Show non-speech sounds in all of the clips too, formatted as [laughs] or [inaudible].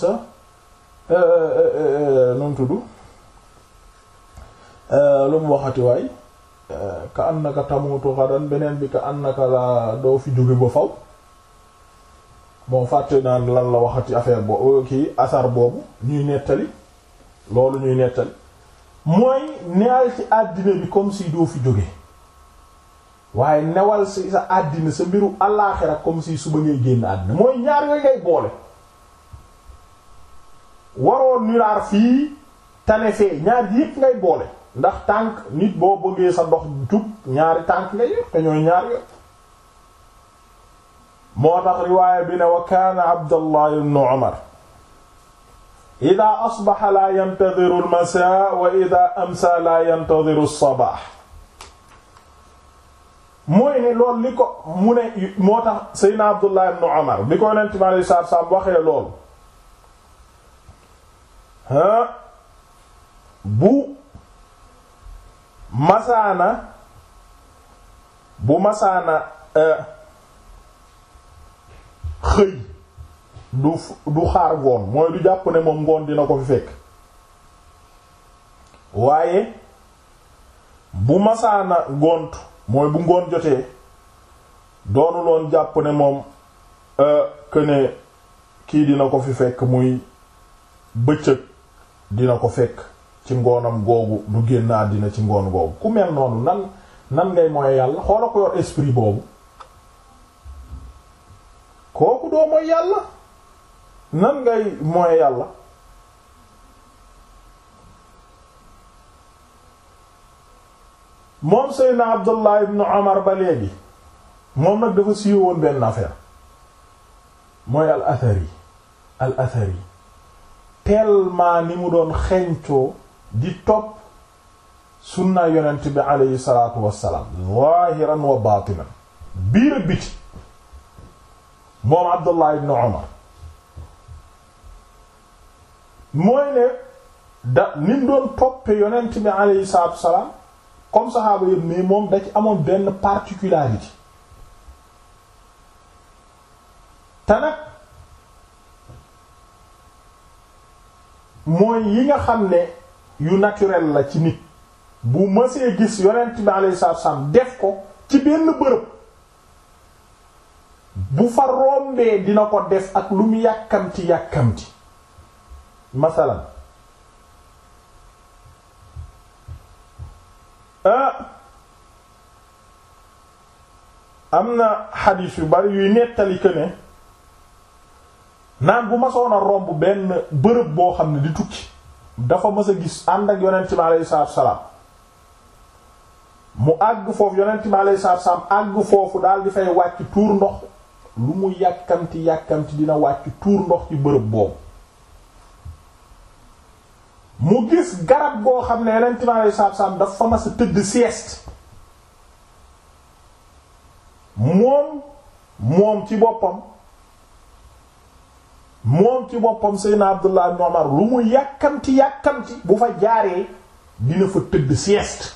sa euh, euh, euh, nu mu lu mu waxati waay ka annaka tamutu xadan beneen bi ka annaka la doo fi jóge ba faw moo fàtte naan lan la waxati affaire boobu kii asar boobu ñuy nettali loolu ñuy nettali mooy newal ci àddina bi comme si doo fi jóge waaye newal si sa àddina sa mbiru àllaaxira comme si suba ngay génn àddina mooy ñaar yooyu ngay boole waroo nulaar fii tane fee ñaar yépp ngay boole ndax tànk nit boo bëggee sa ndox jub ñaari tànk ngay yor te ñooy ñaar yor moo tax riwaaya bi ne wa kaana Abdallah ibn Umar ida laa yantadiru almasa wa ida amsa laa yantadiru alsabax mooy ne loolu li ko mu ne moo tax seydna Abdullah ibn Umar bi ko yonent bi alayhi salaatu wa waxee loolu bu masaana bu masaana e, xëy du du xaar ngoon mooy du jàpp ne moom ngoon dina ko fi fekk waaye bu masaana ngont mooy bu ngoon jotee doonu loon jàpp ne moom que kii dina ko fi fekk muy bëccëg dina ko fekk ci ngoonam googu du génn dina ci ngoon googu ku mel noonu nan nan ngay mooy yàlla xoola esprit boobu kooku doo mooy yàlla nan ngay mooy yàlla moom seydna abdullah ibnu omar ba léegi moom nag dafa siiwoon benn affaire mooy al athari al athari tellement ni mu doon xencoo di topp sunna yonent bi aleyhi salaatu wassalaam zaahiran wa baatinan biir biti moom Abdullah ibn Umar mooy ne da ni mu doon toppe yonent bi aleyhi salaatu wassalaam comme saxaaba yëpp mais moom da ci amoon benn particularité te nag mooy yi nga xam ne yu naturel la ci nit bu mësee gis yonent bi alayhi salaatu wasallam def ko ci benn bërëb bu fa rombee dina ko des ak lu mu yàkkamti yàkkamti masalan ah am na xadiis yu bari yuy nettali ne naan bu masoon a romb benn bërëb boo xam ne di tukki dafa mas a gis ànd ak yonent mi aleyhi salaatu salaam mu àgg foofu yonent mi aleyhi salaatu salaam àgg foofu daal di fay wàcc tuur ndox lu mu yàkkamti yàkkamti dina wàcc tuur ndox ci bërëb boobu mu gis garab goo xam ne yonent mi aleyhi salaatu salaam dafa mas a tëdd sieste moom moom ci boppam moom ci boppam Seydina Abdullah ibn Umar lu mu yàkkamti yàkkamti bu fa jaaree dina fa tëdd sieste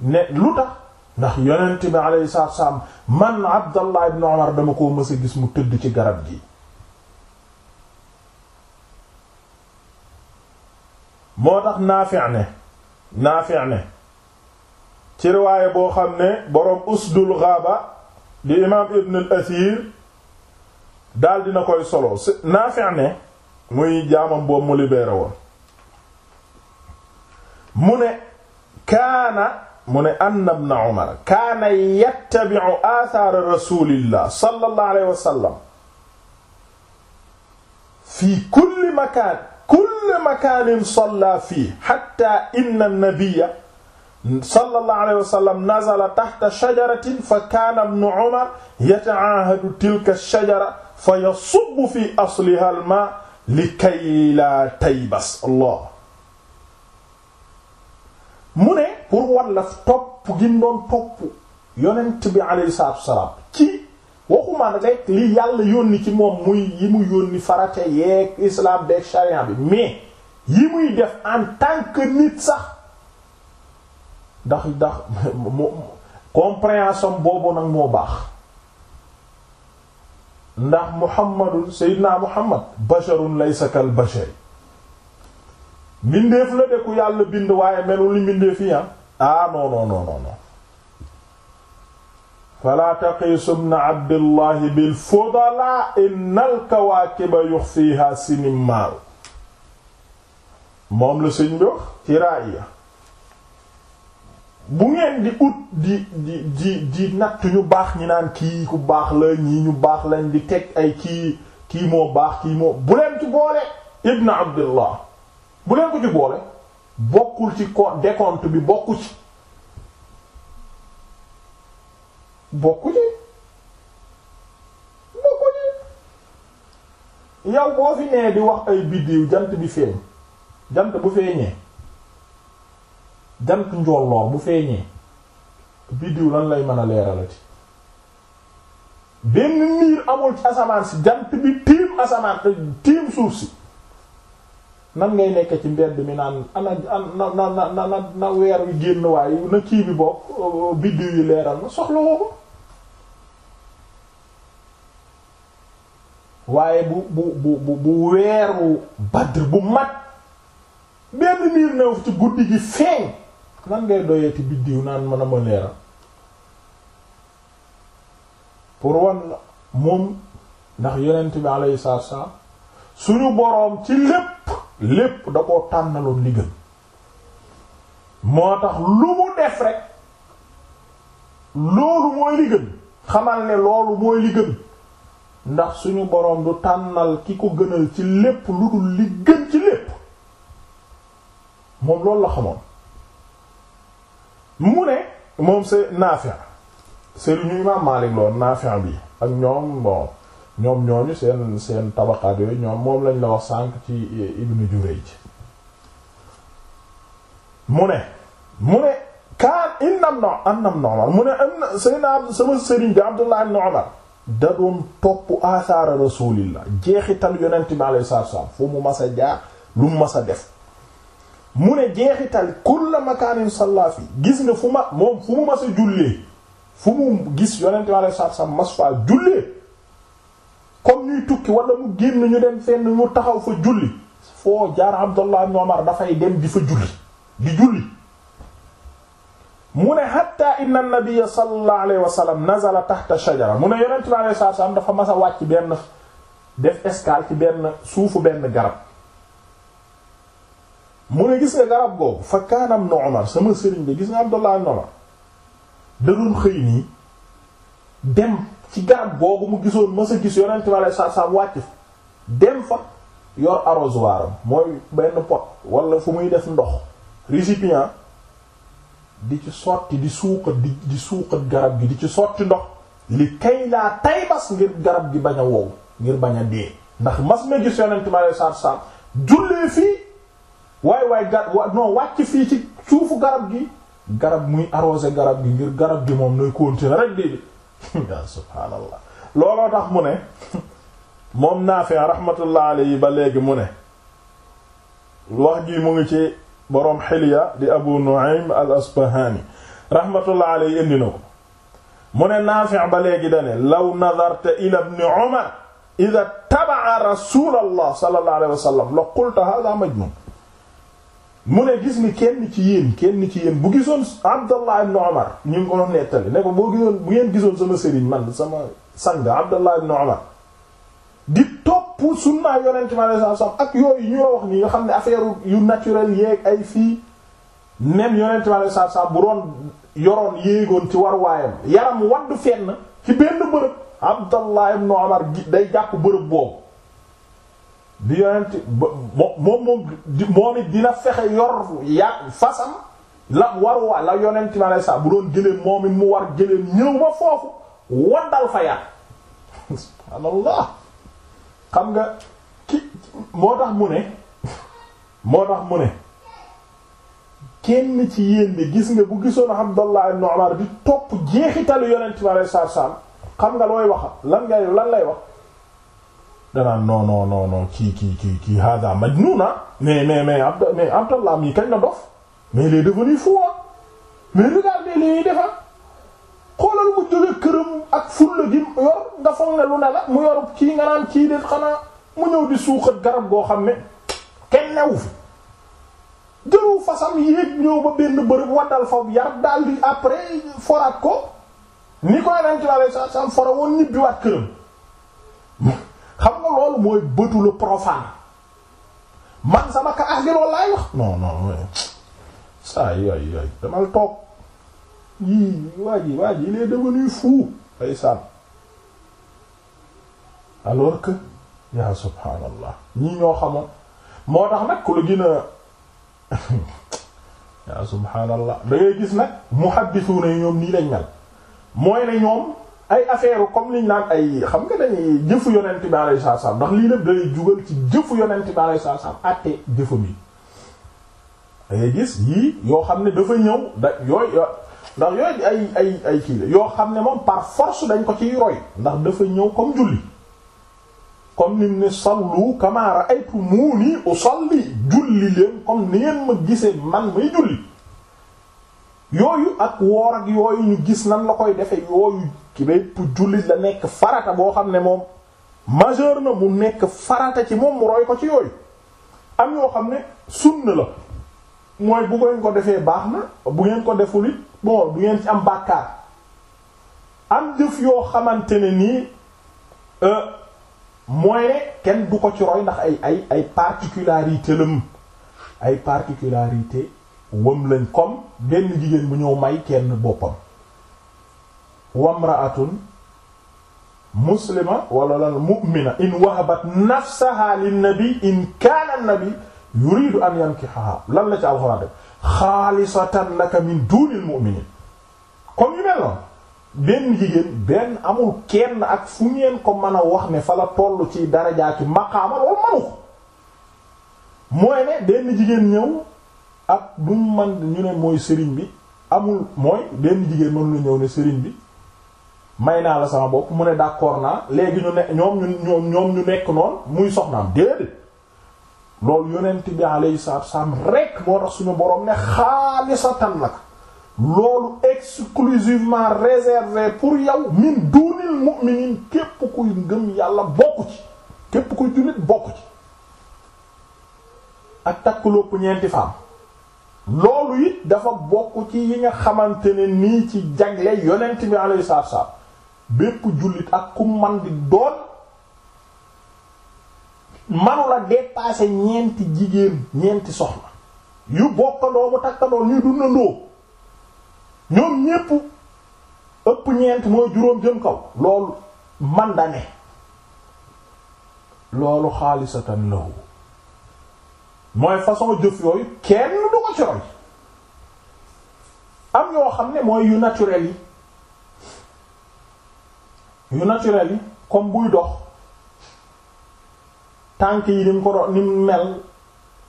ne lu tax ndax yonent bi alayhi salaatu wasallam man Abdullah ibn Umar dama koo mës gis mu tëdd ci garab gi moo tax Naafi' ne Naafi' ne ci riwaaye boo xam ne boroom Usdul Ghaaba di imaam Ibn al daal dina koy solo Naafi' ne muy jaamam boobu mu libéré woon mu ne kaana mu ne anna ibn Umar kaana yattabi'u aathaara rasulillah sallallahu alayhi wa sallam fi kulli makaan kulli makaanin salla fiihi hatta inna an-nabiyya sallallahu alayhi wa sallam nazala tahta shajaratin fa kaana ibn Umar yata'aahadu tilka ash-shajara fa yasubbu fi asliha al ma likay taybas allah mu ne pour walla topp gi doon topp yonent bi alayhi salaatu wassalaam ci waxuma rek li yàlla yónni ci moom muy yi mu yónni farate yeeg islam beeg charia bi mais yi muy def en tant nit sax ndax ndax [laughs] compréhension boobu nag moo baax ndax muhammadun seydinaa muhammad basharun laysa kal bashari mbindeef la de yàlla bind waaye melul ni mbindeef yi ah non ah, non non non falaa taqiisu bna bil fudalaa innal kawaakiba yuxfiihaa sinimaaru moom la sëñ bi wax ci bu ngeen di ut di di di di natt ñu baax ñi naan kii ku baax la ñii ñu baax lañ di teg ay kii kii moo baax kii moo bu leen ci boole ibn abdullah bu leen ko ci boole bokkul ci co décompte bi bokku ci bokku ci bokku boo fi nee di wax ay biddiw jant bi feeñ jant bu feeñee jant njolloor bu feeñee biddiw lan lay mën a leeralati benn niir amul ci asamaan si jant bi tiim asamaan eh, tiim suuf si nan ngay nekk ci mbedd mi naan ana na na na weer wi génn waaye na kii bi bokk eh, biddiw yi leeral na soxla woo ko waaye bu bu bu bu weeru Badr bu mat benn niir new ci guddi gi feeñ lan ngay doyati biddiw naan mën a ma leeral pour wan la moom ndax yonent bi alayhi salaatu wassalaam suñu boroom ci lépp lépp da koo tànnaloon li gën moo tax lu mu def rek loolu mooy li gën xamal ne loolu mooy li gën ndax suñu boroom du tànnal ki ko gënal ci lépp lu dul li gën ci lépp moom loolu la xamoon mu ne moom c'est Nafi' sëriñu imaam Maalik loon Nafi' bi ak ñoom bon ñoom ñooñu seen seen tabaqaat yooyu ñoom moom lañ la wax sànq ci Ibnu Jurayj mu ne mu ne kaan innam no annam no mu ne am na sayna sama sëriñ bi Abdullah ibn Umar da topp asaara rasulillah jeexital yonent bi alayhi salaatu wasallam fu mu mas a jaar lu mu mas a def mu ne jeexital kulla makaanin salla gis nga fu ma moom fu mu mas jullee fu mu gis yonente ma sa sa mas faa jullee comme ñuy tukki wala mu génn ñu dem fenn mu taxaw fa julli foo jaar Abdullah ibn Umar dafay dem di fa julli di julli mu ne hatta inna an-nabiyya sallallahu alayhi wa sallam nazala tahta shajara mu ne yonente ma sa sa dafa mas a wàcc benn def escale ci benn suufu benn garab mu ne gis nga garab googu fa kaanam na sama sëriñ bi gis nga Abdullah ibn Umar da doon xëy nii dem ci garab googu mu gisoon ma sa gis yonent ma lay sa sa wàcc dem fa yor arrosoir am mooy pot wala fu muy def ndox récipient di ci sotti di suuqat di suuqat garab gi di ci sotti ndox li kay laa taybas ngir garab gi bañ a wow ngir bañ a dee ndax mas ma gis yonent sa sa jullee fii waay waaye gar non wàcc fii ci suufu garab gi garab muy arrosé garab gi ngir garab gi moom nay continuer ci déedéet [laughs] ya subhaanallah looloo tax mu ne [laughs] moom Naafi rahmatullah alayhi ba léegi mu ne wax gi mu ngi ci boroom Hilya di Abu Nu'aym al-Asbahani rahmatullah alayhi indi na ko mu ne Naafi ba léegi dane law nadarta ila ibn Umar idha taba'a rasulullah la qulta hadha majnun mu ne gis ni kenn ci yéen kenn ci yéen bu gisoon Abdallah ibn Omar ñu ngi ko doon nettali ne ko boo gisoon bu ngeen gisoon sama sëriñ man sama sang Abdallah ibn Omar di topp sunnaa yonent mi alayhi salaatu ak yooyu ñoo wax ni nga xam ne affaire yu naturel yeeg ay fii même yonent mi alayhi salaatu bu doon yoroon yéegoon ci war waayam yaram wadd fenn ci benn bërëb Abdallah ibn Omar day jàpp bërëb boobu bi yonent moom moom moom it dina fexe yor ya fasam la war waa la yonent ma lay sa bu doon gëléem moom it mu war gëléem ñëw ma foofu waddal fa yar subhaanallah xam nga ki moo tax mu ne moo tax mu ne kenn ci yéen bi gis nga bu gisoon Abdallah ibn Umar bi topp jeexitalu yonent ma lay sa saam xam nga looy wax lan ngay lan lay wax danaan non non non non kii kii kii kii hada majnuna mais mais mais Abd mais Abdallah mi kañ la dof mais il est devenu fou mais regardez li ñuy defar xoolal mu jóge këram ak fulla gi yor nga foog ne lu ne la mu yor kii nga naan kii de xanaa mu ñëw di suuxat garab goo xam ne kenn newu fi jëru fasam yéeg ñëw ba benn bërëb waddal fa yar daal di après foraat ko ni koy nancu la sa sam fora woon ñibbiwaat këram xam na lool mooy bëtu la profane man sama kaas gi loolu laay wax non non saa yi waay waay damal toog yii waa ji waa ji il est ay sànn alors que ya subhaanallah ñoo xamoon moo tax nag ku la gën a [laughs] ya subhaanallah gis nag muhaddisuuna yi ñoom nii lañ mel mooy ne ñoom ay affaire comme liñ naan ay xam nga dañuy jëf yonent bi alayhi salaam ndax lii lépp day jugal ci jëfu yonent bi alayhi salaam àtte jëfam yi dangay gis yii yoo xam ne dafa ñëw da yooyu ndax ay ay ay kii la yoo xam ne moom par force dañ ko ciy roy ndax dafa ñëw comme julli comme nim ne sallu kama ra'aytumuni usalli julli leen comme ni ngeen ma gisee man may julli yooyu ak woor ak yooyu ñu gis nan la koy defee yooyu ki bépp jullit la nekk farata boo xam ne moom majeur na mu nekk farata ci moom mu roy ko ci yooyu am yoo xam ne sunna la mooy bu ngeen ko defee baax na bu ngeen ko deful it bon du ngeen am bàkkaar am jëf yoo xamante ne nii euh, mooy kenn du ko ci roy ndax ay ay ay particularité lam ay particularité wëm lañ kom benn jigéen bu ñëw may kenn boppam wamraatun muslima wala lan mu'mina in wahabat nafsaha linnabi in kaana nabi yuridu an yankihaha lan la ci alxuraan def xaalisatan laka min dunil mu'minin comme yu mel noonu benn jigéen benn amul kenn ak fu ngeen ko mën a wax ne fa la toll ci darajaa ci maqaama loolu manu ko mooy ne benn jigéen ñëw ak lu man ñu ne mooy sëriñ bi amul mooy benn jigéen mën ñëw ne sëriñ bi may naa la sama bopp mu ne d'accord naa léegi ñu ne ñoom ñu ñoom ñoom ñu nekk noonu muy soxnaam déedéet loolu yonent bi alayhi salaatu salaam rek moo tax suñu boroom ne xaalisatan lak loolu exclusivement réservé pour yow min duunil mu'minin képp kuy ngëm yàlla bokk ci képp ku jullit bokku ci ak takk lopp ñeenti femme loolu it dafa bokk ci yi nga xamante ne nii ci jagle yonent bi alayhi salaatu salaam bépp jullit ak ku man di doon manula dépasser ñeenti jigéen ñeenti soxna yu bokkandoo bu takkandoo ñuy dundandoo ñoom ñépp ëpp ñeent mooy juróom jëm kaw loolu man da ne loolu xaalisatan lahu mooy façon jëf yooyu kenn du ko ci roy am yoo xam ne mooy yu naturel yi yu naturel yi comme buy dox tànk yi ni ko dox ni mel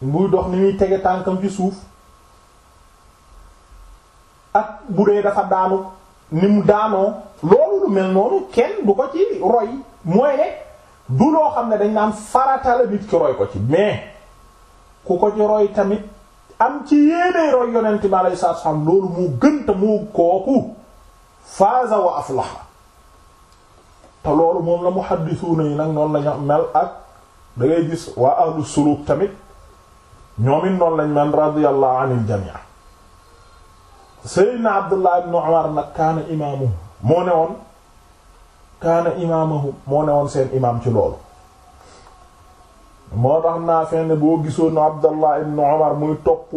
buy dox ni muy tege tànkam ci suuf ak bu dee dafa daanu ni mu daanoo loolu lu mel noonu kenn du ko ci roy mooy ne du loo xam ne dañ naan farata la nit ki roy ko ci mais ku ko ci roy tamit am ci yéenee roy yonent bi alayhi salaatu salaam loolu moo gën te kooku faaza wa aflaha te loolu moom la muhaddisuuna yi nag noonu lañu mel ak da ngay gis waa ahlu suluk tamit ñoom it noonu lañ mel radiyallahu anil jamii seydna abdullah ibn umar nag kaana imaamuhum moo ne kaana imaamuhum moo ne seen imaam ci loolu moo tax naa fenn boo gisoon Abdallah ibn Umar muy topp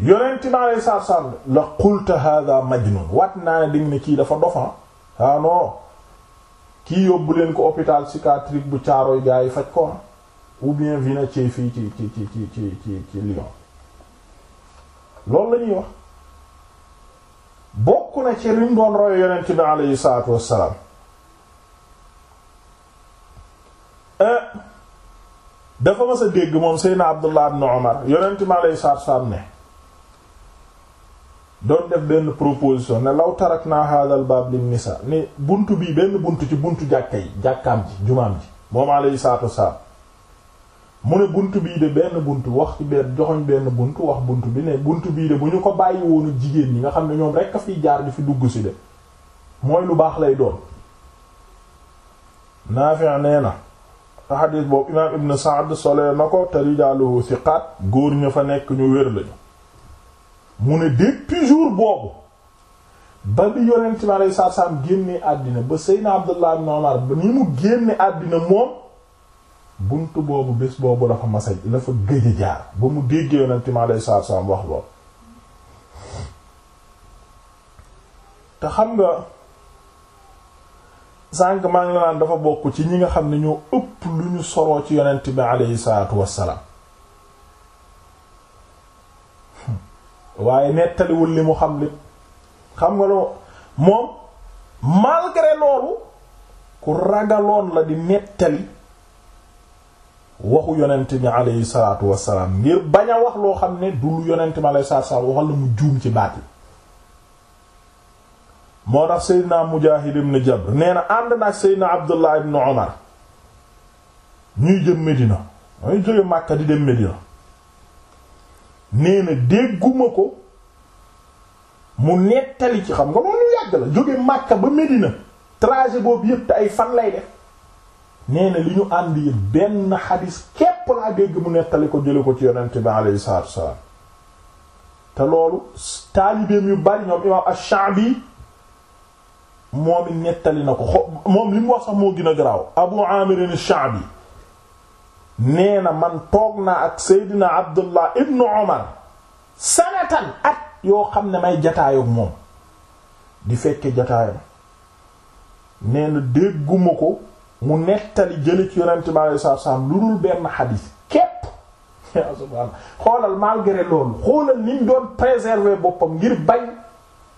yonent mi alayhi salaatu salaam la qulta hadha majnun wat naa ne dañ ne kii dafa dofan ah. ah non kii yóbbu leen ko hôpital psychiatrique bu caaro gaa yi faj ko ah. ou bien vina ci fii ci ci ci ci ci ci ci loolu la ñuy wax bokk na ci liñ doon royo yonent bi alayhi salaatu wassalaam eh, dafa mas a dégg moom Seydina Abdullah ibn Umar yonent mi alayhi salaatu salaam ne doon def benn proposition ne law tarakna hadal baab lin nisa ni buntu bii benn bunt ci bunt jàkka yi jàkkaam ji jumaam ji moom alayhi salaatu salaam mu ne buntu bii de benn bunt wax ci benn joxoñ benn buntu wax bunt bi ne buntu bii de bu ñu ko bàyyi woonu jigéen ñi nga xam ne ñoom rekk a fiy jaar di fi dugg si de mooy lu baax lay doon Naafi' nee na te xadis boobu imaam ibn Sa'd sole na ko te rijaaluhu thiqaat góor ña fa nekk ñu wér lañu mu ne depuis jour boobu ba bi yonent mi alayhi salaatu àddina ba Seydina Abdullah ibn Umar ba ni mu génne àddina moom bunt boobu bés boobu dafa masa dafa gëj a jaar ba mu déggee yonent mi alayhi wax lool te xam nga sànq maa ngi la naan dafa bokk ci ñi nga xam ne ñoo ëpp lu ñu soroo ci yonent bi aleyhi salaatu wassalaam hmm. waaye nettaliwul li mu xam li xam nga loo moom malgré loolu ku ragaloon la di nettali waxu yonent bi aleyhi salaatu wassalaam ngir bañ a wax loo xam ne du lu yonent bi aleyhi salaatu wassalaam waxal la mu juum ci baat yi moo tax seydna Mujaahid ibn Jabr nee na ànd na ak seydna Abdullah ibn Umar ñuy jëm Medina mooy jóge Makka di dem Medina nee dégguma ko mu nettali ci xam nga loolu yàgg la jóge Makka ba Medina trajet boobu yëpp ay fan lay def nee na li ñu ànd yëpp benn xadis képp laa dégg mu nettali ko jële ko ci yonent bi aleyhi salaatu salaam te loolu taalibeem yu bari ñoom imaam Ash-Sha'bi moom it nettali na ko moom li mu wax sax moo gën a garaaw Abu Amir al-Sha'bi na man toog naa ak Seydina Abdullah ibn Umar sanatan at yoo xam ne may jataayoo moom di fekke jataayam nee na dégguma ko mu nettali jële ci yonente bi alei satu salaam lu dul benn xadiis képp [laughs] yaa subhaanallah xoolal malgré loolu xoolal niñ doon préserver boppam ngir bañ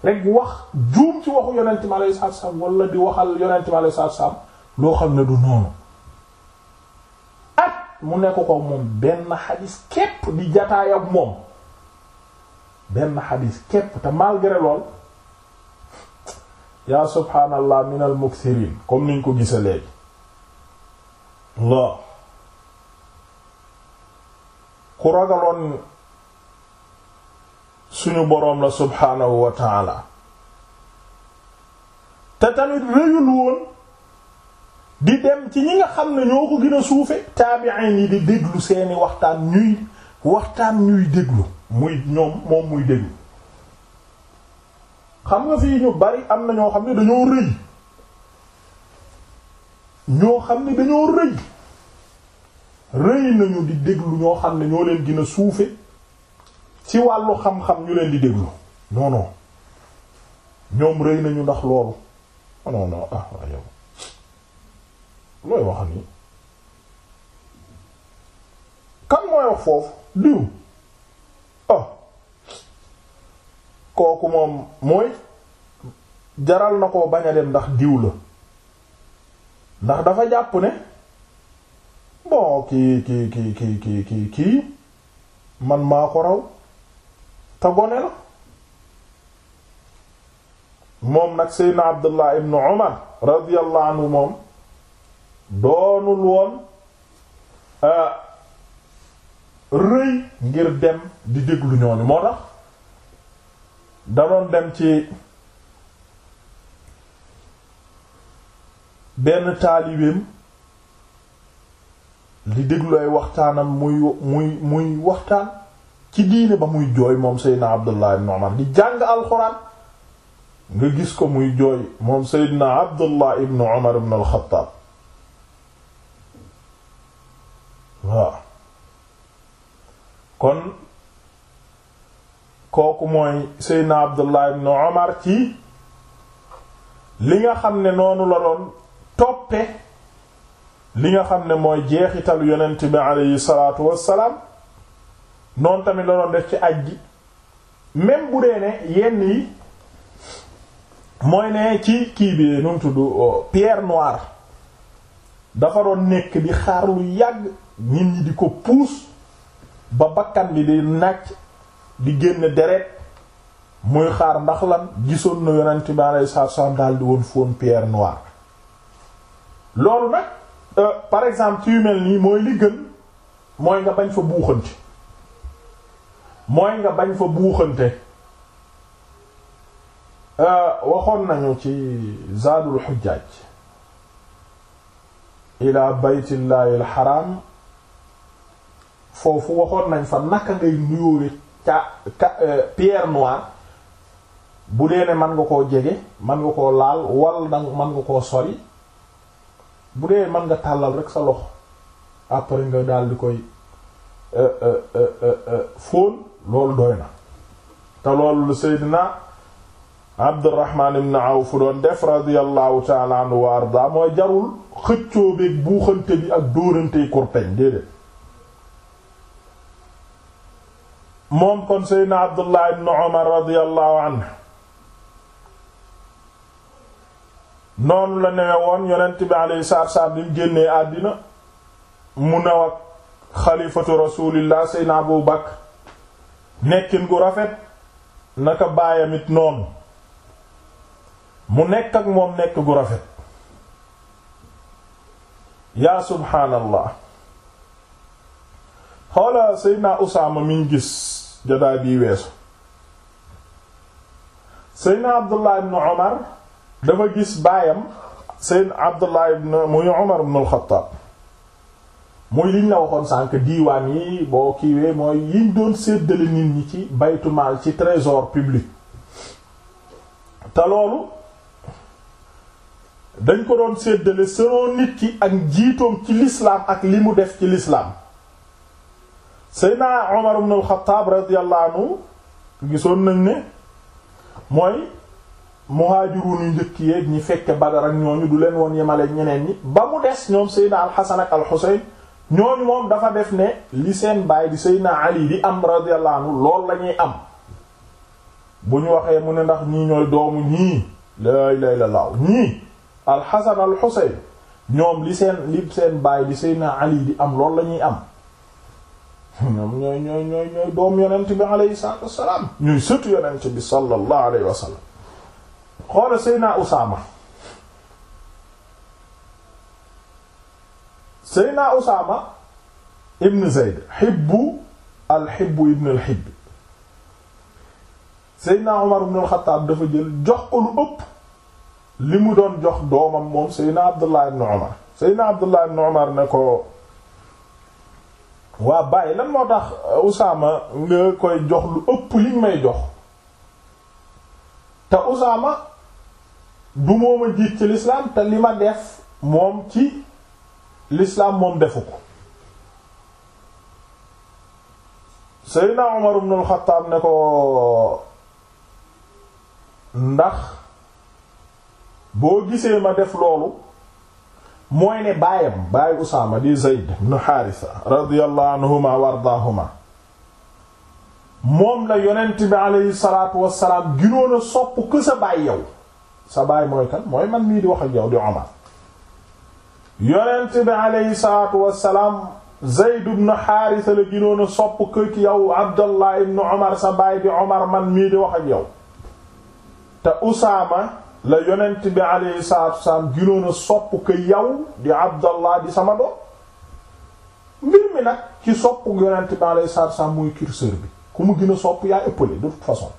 rek wax juum ci waxu yonent mi alayhi salaatu salaam di waxal yonent mi alayhi salaatu loo xam ne du noonu at mu nekk ko moom benn xadis képp di jataayam moom benn xadis képp te malgré lool yaa subhaanallah min al mukthiriin comme ko gisa léegi laa ku ragaloon suñu boroom la subhaanahu wa taala te tamit réyul woon di dem ci ñi nga xam ne ñoo ko gën a suufe taabi'in yi di déglu seeni waxtaan ñuy waxtaan ñuy déglu muy ñoom moom muy déglu xam nga fii ñu bari am na ñoo xam ne dañoo rëy ñoo xam ne dañoo rëy rëy nañu di déglu ñoo xam ne ñoo leen gin a suufe ci wàllu xam-xam ñu leen di déglu non ñoom rëy nañu ndax loolu ah, non non ah waa yow looy wax nii kan mooy wax foofu diw ah. kooku moom mooy jaral na koo bañ ndax diw la ndax dafa jàpp ne bon kii kii kii kii kii kii man maa ko raw te gone moom nag seydna abdullah ibnu umar radiyallahu anhu moom doonul woon euh, rëy ngir dem di déglu ñooñu moo tax danoon dem ci benn taalibeem di déglu ay waxtaanam muy muy muy waxtaan ci diine ba muy jooy moom Seydina Abdullah ibn Umar di jàng alxuraan nga gis ko muy jooy moom Seydina Abdullah ibn Umar ibn al-Khattab kon kooku mooy Seydina Abdullah ibn Umar ci li nga xam ne noonu la doon toppe li nga xam ne mooy jeexital yonent bi aleyhi salaatu wassalaam noonu tamit la doon def ci aj gi même bu dee ne yenn yi mooy ne ci kii bi nu mu tudd oh, pierre noire dafa doon nekk di xaar lu yàgg nit ñi di ko puus ba bakkan bi di nàcc di génn deret muy xaar ndax lan gisoon na yonent bi alayhi salaatu salaam daal di woon foon pierre noire loolu nag euh, par exemple ci yu mel nii mooy li gën mooy nga bañ fa buuxante mooy nga bañ fa buuxante euh, waxoon nañu ci zaadul xujjaaj ila baytillahi alxaram foofu waxoon nañ fa naka ngay nuyóore ca euh, pierre noire bu dee ne mën nga koo jege mën nga koo laal wal dang mën nga koo sori bu dee mën nga tàllal rek sa loxo après nga daal di koy euh, fóon loolu doy na te loolu Seydina Abdurrahman Awf doon def radiyallahu anhu wa arda mooy jarul xëccoo beeg buuxante bi ak dóorantey kurpeñ déedéet moom kon Seydina Abdullah ibn Umar radiyallahu anhu noonu la newe woon yonent bi alayhi salaatu salaam bi mu génnee àddina mu new ak xalifatu rasulillah Seydina Abu Bakr nekkin gu rafet naka baayam it noonu mu nekk ak moom nekk gu rafet yaa subhaanallah xoola seydna usaama miñ gis jotaay bii weesu seydna abdullah ibn umar dafa gis baayam seydna abdullah ibn muy umar ibn al mooy liñ la waxoon sànq diiwaan yi boo kiiwee mooy yiñ doon séddale nit ñi ci baytu maal ci trésor public te loolu dañ ko doon séddale selon nit ki ak jiitoom ci l'islam ak li mu def ci l'islam Seydina Omar ibn al-Khattab gisoon nañ ne mooy muhaajiruun yu njëkk yeeg ñi fekke Badar ak ñooñu du leen woon yemale ñeneen ñi ba mu des ñoom Seydina al-Hasan ñooñu moom dafa def ne li seen baay di Seydina Ali di am radiyallahu lool lañuy am bu ñu waxee mu ne ndax ñii ñooy doomu ñii laa ilaaha illallaah ñii alxasan alxuseyn ñoom li seen li seen baay di Seydina Ali di am lool la ñuy am ñoom ñooy ñooy ñooy doom yonent bi alayhi salaatu wassalaam ñooy sëtu yonent bi sallallahu alayhi wa sallam xoola Seydina Usaama Seyna Usaama ibn Zayd xibbu alxibbu ibn alxibb Seyna Umar ibn alxataab dafa jël jox ko lu ëpp li mu doon jox doomam moom Seyna Abdullah ibn Umar Seyna Abdullah ibn Umar ne ko waa bàyyi lan moo tax uh, Usaama nga koy jox lu ëpp liñ may jox te Usaama du moom a jiit ci lislaam te li ma def moom ci l'islam moom defu ko Seydina Umar ibn al ne ko ndax boo gisee ma def loolu mooy ne baayam baayu Usaama di Zayd ibn Haarisa radiyallahu anhuma wa ardaahuma moom la yonent bi aleyhi salaatu wassalaam ginoon a sopp que sa baay yow sa baay mooy kan mooy man mii di wax ak yow di Umar yonent bi aleyhi salaatu wassalaam Zayd ibn Haarisa la ginoon a sopp ko ci yow Abdallah ibn Omar sa baay bi Omar man mii di wax ak yow te Usaama la yonent bi aleyhi salaatu wassalaam ginoon a sopp ko yow di Abdallah di sama doom mbir mi nag ci sopp yonent bi aleyhi salaatu wassalaam mooy curseur bi ku mu gën a sopp yaa ëppale de toute façon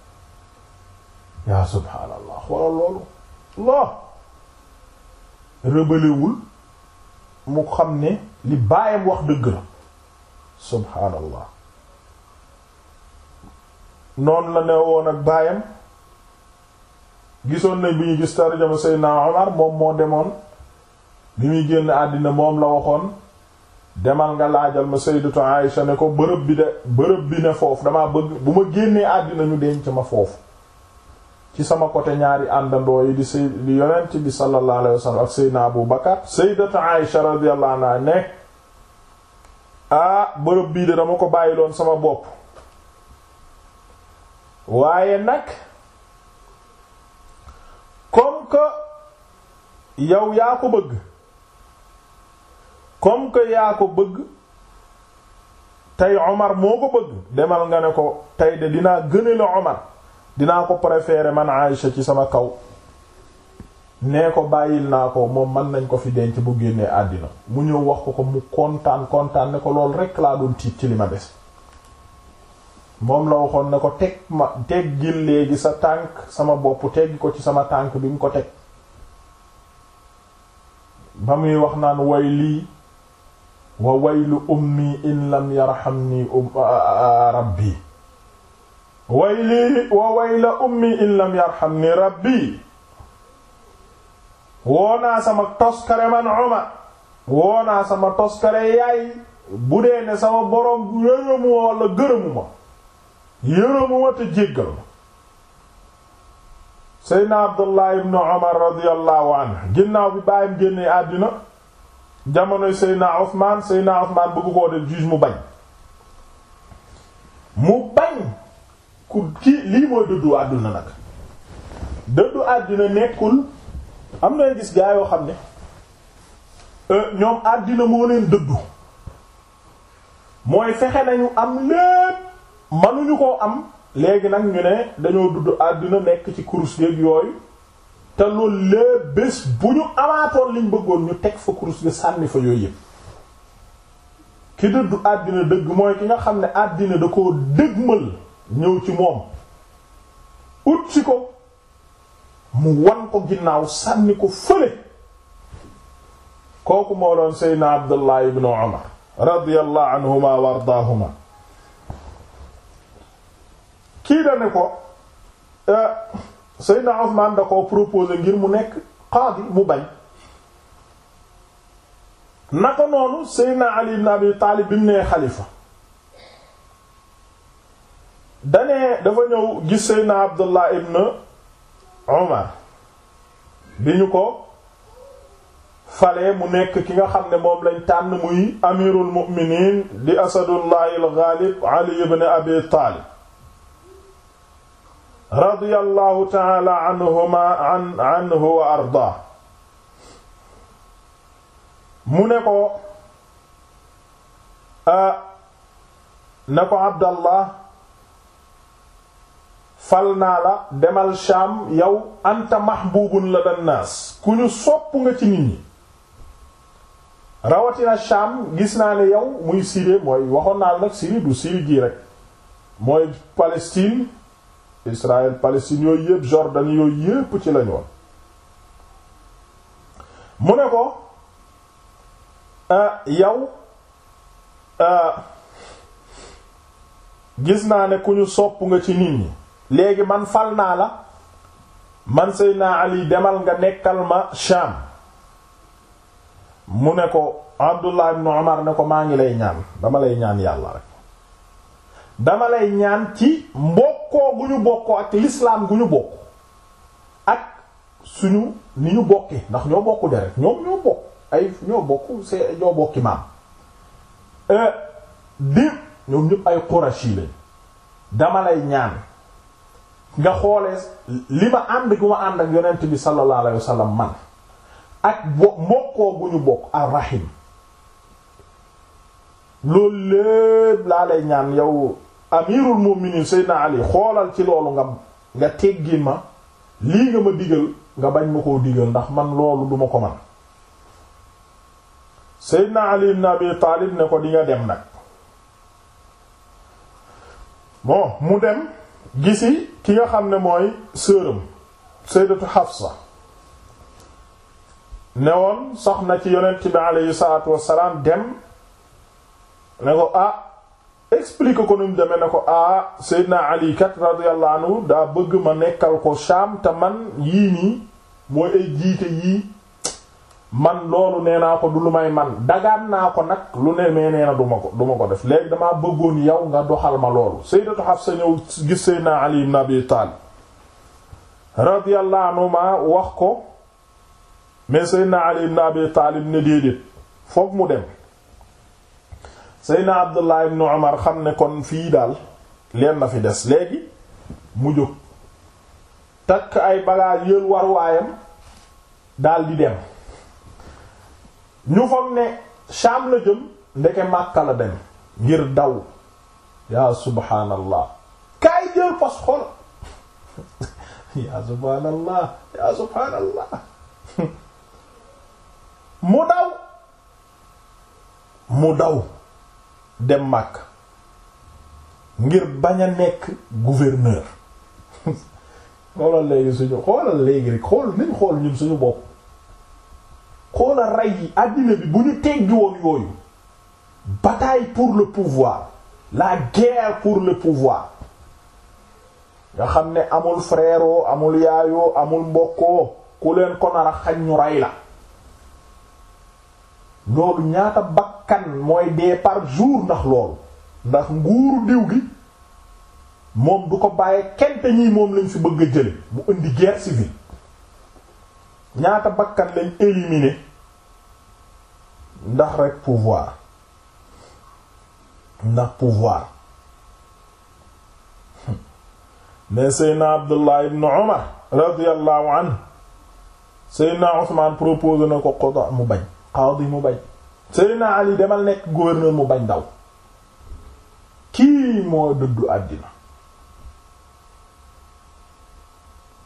yaa subhaanallah xoolal loolu loo rëbalewul mu xam ne li baayam wax dëgg la subhaanallah noonu la ne woon ak baayam gisoon nañ bi ñu gis tarjama Seydina Omar moom moo demoon bi muy génn àddina moom la waxoon demal nga laajal ma Sayyidatu Aïsha ne ko bërëb bi de bërëb bi ne foofu damaa bëgg bu ma génnee àddina ñu denc ma foofu ci sama côté ñaari àndandoo yi di say di yonent bi sallallahu alayhi wasallam ak saydna abu bakar sayyidatu aisha radiyallahu anha ne ah bërëb bii de dama ko loon sama bopp waaye nag comme que yow yaa ko bëgg kom que yaa ko bëgg tey omar moo ko bëgg demal nga ne ko tey de dinaa gëne la omar dinaa ko préférer man Aïcha ci sama kaw ne ko bàyyil naa ko moom mën nañ ko fi denc bu génnee àddina mu ñëw wax ko ko mu kontaan kontaan ne ko loolu rekk laa doon tiit ci li ma des moom la waxoon ne ko teg ma teggil léegi sa tànk sama bopp teg ko ci sama tànk bi mu ko teg ba muy wax naan way lii wa waylu ummi in lam yarhamni um, rabbi wayli wa wayla ummi sama toskare man Umar woonaa sama toskare yaay bu dee ne sama borom yërëmu walla gërëmu ma yërëmu ma te jéggal ma seydna Abdullah ibn Umar radiyallahu anhu ginnaaw bi baayam génnee àddina jamonoy seydna Usmaan seydna Usmaan bëgg koo def juge mu bañ mu bañ ku kii lii mooy dëddu àdduna nag dëddu àdduna nekkul am na gis gaa yoo xam ne euh, ñoom àddina moo leen dëddu mooy fexe nañu am lépp mënuñu koo am léegi nag ñu ne dañoo dudd àddina nekk ci kurus yeeg yooyu te loolu lépp bés bu ñu amaatoon liñ bëggoon ñu teg fa kurus ga sànni fa yooyu yëpp ki dëddu àddina dëgg mooy ki nga xam ne àddina da koo dëgmal ñëw ci moom ut mu wan ginnaaw sànni ko fële kooku moo doon seydna abdullah ibn umar anhuma wa ardaahuma kii ko eh, seydna usman da ko ngir mu nekk qaadi mu bañ naka noonu seydna ali ibn abi taalib bi mu xalifa danee dafa ñëw gis Seydina Abdullah ibn Umar bi ñu ko fale mu nekk ki nga xam ne moom lañ tànn muy amirul mu'minin di asadullah al Ali ibn Abi Talib radiyallahu ta'ala anhuma anhu wa arda mu ne ko ah, na ko Abdallah fal naa la demal Sham yow anta mahbubun la dannaas ku ñu sopp nga ci nit ñi rawatina Sham gis naa ne yow muy Syrie mooy waxoon naa la nag Syrie du Syrie rek mooy Palestine Israël Palestine yooyu yëpp Jordan yooyu yëpp ci lañu woon mu ne ko ah, yow ah, gis naa ne ku ñu sopp nga ci nit ñi léegi man fal naa la man naa Ali demal nga nekkal ma Sham mu ne ko Abdullah ibn Umar ne ko maa ngi lay ñaan dama lay ñaan yàlla rek dama lay ñaan ci mbokkoo gu ñu bokkoo ak lislaam gu ñu bokk ak suñu ni ñu bokki ndax ñoo bokku deret ñoom ñoo bokk ay ñoo bokk see ñoo bokki maam eh, di ñoom ñëpp ay Qurashi lañ dama lay ñaan nga xoolee li ma ànd gu ma ànd ak yonent bi sallallahu alayhi wa sallam man ak bo mbokkoo gu ñu bokk ar loolu lépp laa lay ñaan yow amirul mu'minin sayyidina ali xoolal ci loolu nga nga teggi ma lii nga ma digal nga bañ ma koo digal ndax man loolu duma ko man sayyidina ali ibn abi ne ko di dem nag bon mu dem gisi ki nga xam ne mooy sëram sayyidatu Hafsa ne woon soxna ci yonent bi aleyhi salaatu wassalaam dem ne ko ah explique ko nu mu demee ne ko ah Seydina Ali kat radiyallahu anhu daa bëgg ma nekkal ko Sham te man yii nii mooy ay jiite yii man loolu nee naa ko du lu may man dagaan naa ko nag lu ne mais nee na du ko duma ko def léegi damaa bëggoon yow nga doxal ma loolu sayyidatu Hafsa ñëw gis sayyidina Ali ibn Abi Talib radiyallahu wax ko mais sayyidina Ali ibn Abi Talib ne déedéet fokk mu dem sayyidina Abdullah ibn Umar xam ne kon fii daal leen na fi des léegi mu jóg takk ay bagages yël war daal di dem ñu foog ne Sham la jëm ndeke Makka la dem ngir daw yaa subhaanallah kaay jël pos xol [laughs] yaa subhaanallah yaa subhaanallah [laughs] mu daw mu daw dem Makka ngir bañ a nekk gouverneur [laughs] xoolal léegi suñu xoolal léegi rek xool nañ xool ñun suñu bopp xoolal rey yi àddina bi bu ñu teggi woon yooyu bataille pour le pouvoir la guerre pour le pouvoir nga xam ne amul frère oo amul yaayoo amul mbokkoo ku leen ko nar a xañ ñu rey la loolu ñaata bakkan mooy dee par jour ndax loolu ndax nguuru diw gi moom du ko bàyyi kenn te ñii moom lañ fi bëgg a jële mu indi guerre civile ñaata bakkan lañ éliminé ndax rek pouvoir ndax pouvoir hmm. mais seydna abdullah ibn umar radiallahu anhu seydna usman proposé na ko qada mu bañ qadi mu bañ seydna ali demal nekk gouverneur mu bañ daw kii moo dëddu àddina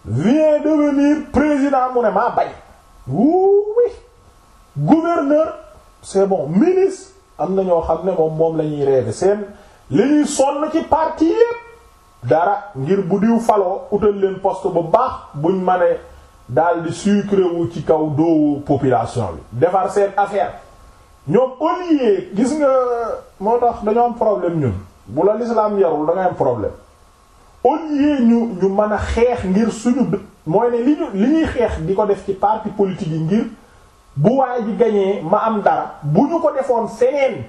vient devenir président mu ne maa bañ wuuwi gouverneur c'est bon ministre am na ñoo xam ne moom moom la ñuy rêve seen li ñuy sonn ci parti yépp dara ngir bu diw faloo utal leen poste bu baax buñ mënee daal di sucré wu ci kaw doowu population bi defar seen affaire ñoom au gis nga moo tax dañoo am problème ñun bu la l'islam yarul da am problème au lieu ñu ñu mën a xeex ngir suñu mooy ne li ñu li ñuy xeex di ko def ci parti politique yi ngir bu waay ji gañee ma am dara bu ñu ko defoon feneen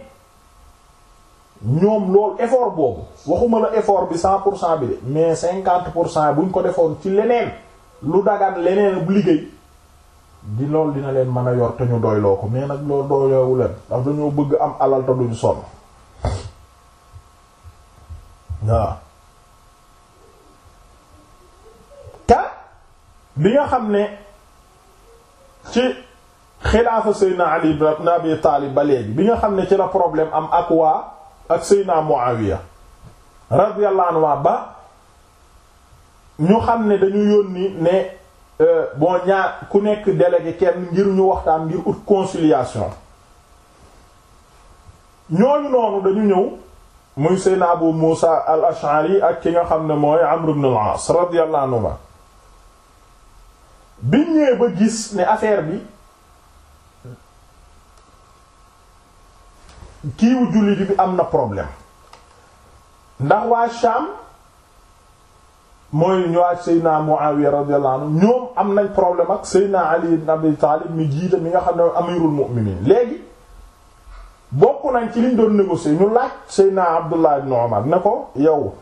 ñoom loolu effort boobu waxuma la effort bi cent pour cent bi de mais cinquante pour cent bu ñu ko defoon ci leneen lu dagan leneen bu liggéey di loolu dina leen mën a yor te ñu doyloo ko mais nag loolu doyloowu leen ndax dañoo bëgg am alal te duñu sonn waaw te bi nga xam ne ci xilaafa Seydina Ali ibn Abi Taalib ba léegi bi nga xam ne ci la problème am ak waa ak Seydina Muawiya radiyallahu anhu ba ñu xam ne dañu yónni ne euh, bon ñaar ku nekk délégué kenn ngir ñu waxtaan ngir ut conciliation ñooñu noonu dañu ñëw muy Seydina Abu Muusa al-Ash'ari ak ki nga xam ne mooy Amr ibn al-As radiyallahu anhu biñ ñëwee ba gis ne affaire bi kiiwu jullit bi am na problème ndax waa Sham mooy ñu waaj Seydina Muawiya radiyallahu anhu ñoom am nañ problème ak Seydina Ali ibn Abi Talib mi jiite mi nga xam ne amirul mu'minin léegi bokk nañ ci liñ doon négocier ñu laaj Seydina Abdullah ibn Umar ne ko yow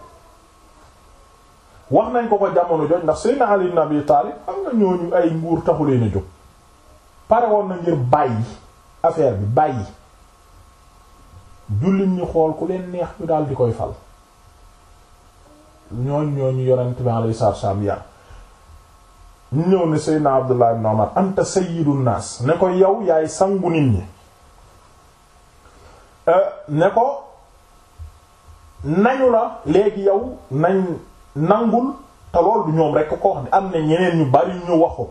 wax nañ ko ko jamono joj ndax Seydina Ali ibn Abi am na ñooñu ay nguur taxuleen a jóg pare woon na ngir bàyyi affaire bi bàyyi jullit ñi xool ku leen neex ñu daal di koy fal ñooñ ñooñu yonent bi alayhi salaatu yar ñu ñëw ne Seydina Abdullah ibn Umar anta sayyidun naas ne ko yow yaay sangu nit ñi euh, ne ko nañu la léegi yow nañ nangul te lool ñoom rekk ko wax ne am na ñeneen ñu bari ñu waxu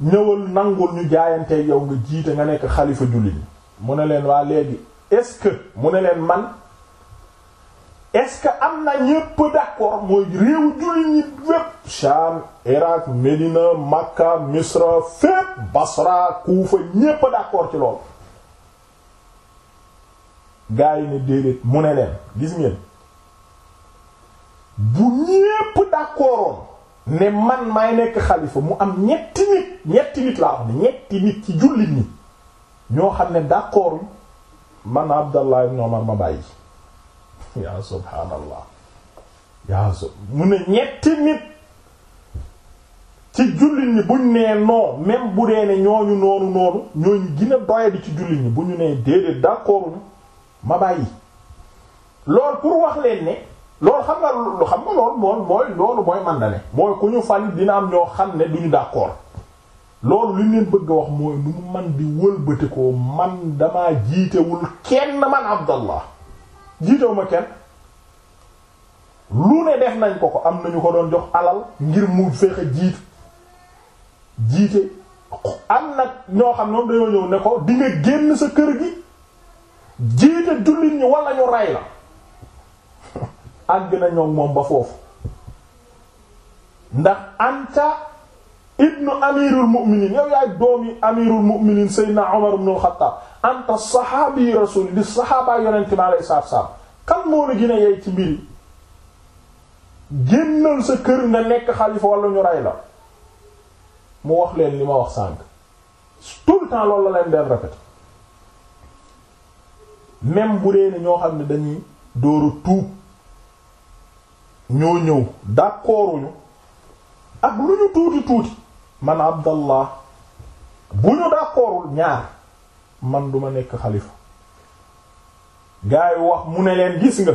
ñëwal nangul ñu jaayante yow nga jiite nga nekk xalifa jullit ñi mu ne leen waa léegi est-ce que mu ne leen man est-ce que am na ñépp d'accord mooy réew jullit ñi wépp Sham Irak Médina Makka Misra fépp Basra Kufa ñépp d'accord ci loolu gaa yi ne déedéet mu ne leen gis ngeen bu ñépp d'accordoon ne man maay nekk xalifa mu am ñetti nit ñetti nit laa wax ne ñetti nit ci jullit ñi ñoo xam ne d'accord man Abdallah ibn Umar ma bàyyi yaa subhaanallah yaa sub mu ne ñetti nit ci jullit ñi buñ nee non même bu dee ne ñooñu noonu noonu ñooñu gën a doyadi ci jullit ñi bu ñu nee déedéet d'accord ma bàyyi loolu pour wax leen ne loolu xam nga lu xam nga loolu mooy loolu mooy mandane mooy ku ñu fal dina am ñoo xam ne duñu d'accord loolu li leen bëgg a wax mooy nu mu man di wëlbatikoo man damaa jiitewul kenn man abdallah jiitewu ma kenn lu ne def nañ ko ko am nañu ko doon jox alal ngir mu fexe jiit jiite am nag ñoo xam noonu dañoo ñëw ne ko di nga génn sa kër gi jiite jullit ñi wala ñu ray la [laughs] àgg na ñoom moom ba foofu ndax anta ibnu amirul mu'minin yow yaay doomi amirul mu'minin seydina Umar ibn al-Khattab saxaabi rasul di saxaabaa yonent mi alayhi salaatu salaam kan moo la gën a ci mbiri génnal sa kër nga nekk xalifa wala ñu rey la mu wax leen li ma wax sànk tout le temps loolu la leen deen répété même bu dee ñoo xam ne dañuy dóoru tuub ñoo ñëw d'accorduñu ak lu ñu tuuti tuuti man abdallah bu ñu d'accordul ñaar man duma nekk xalifa gaa yi wax mu ne leen gis nga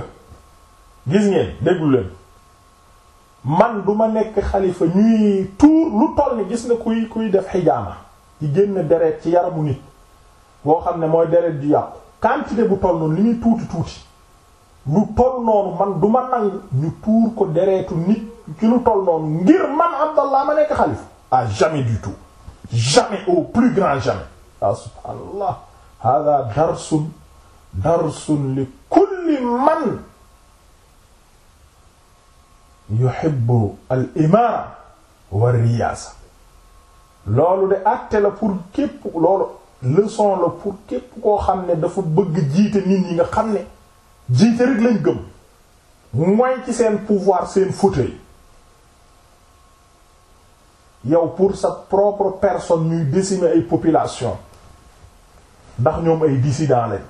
gis ngeen déglu leen man duma nekk xalifa ñuy tuur lu toll ni gis nga kuy kuy def xijaama ci génn deret ci yaramu nit boo xam ne mooy deret ju yàqu quantité bu toll noonu li ñuy tuuti tuuti lu toll noonu man duma nangu ñu tuur ko deretu nit ci lu toll noonu ngir man abdallah ma nekk xalifa a jamais du tout jamais au plus grand jamais ah subhaanallah hada darsun darsun li kulli man yuhibbu al imaara wa riyaasa loolu de àtte la pour képp loolu leçon la pour képp koo xam ne dafa bëgg jiite nit ñi nga xam ne jiite rek lañ gëm mooy ci seen pouvoir seen fauteuil yow pour sa propre personne ñuy décimer ay population ndax ñoom ay dissidents lañ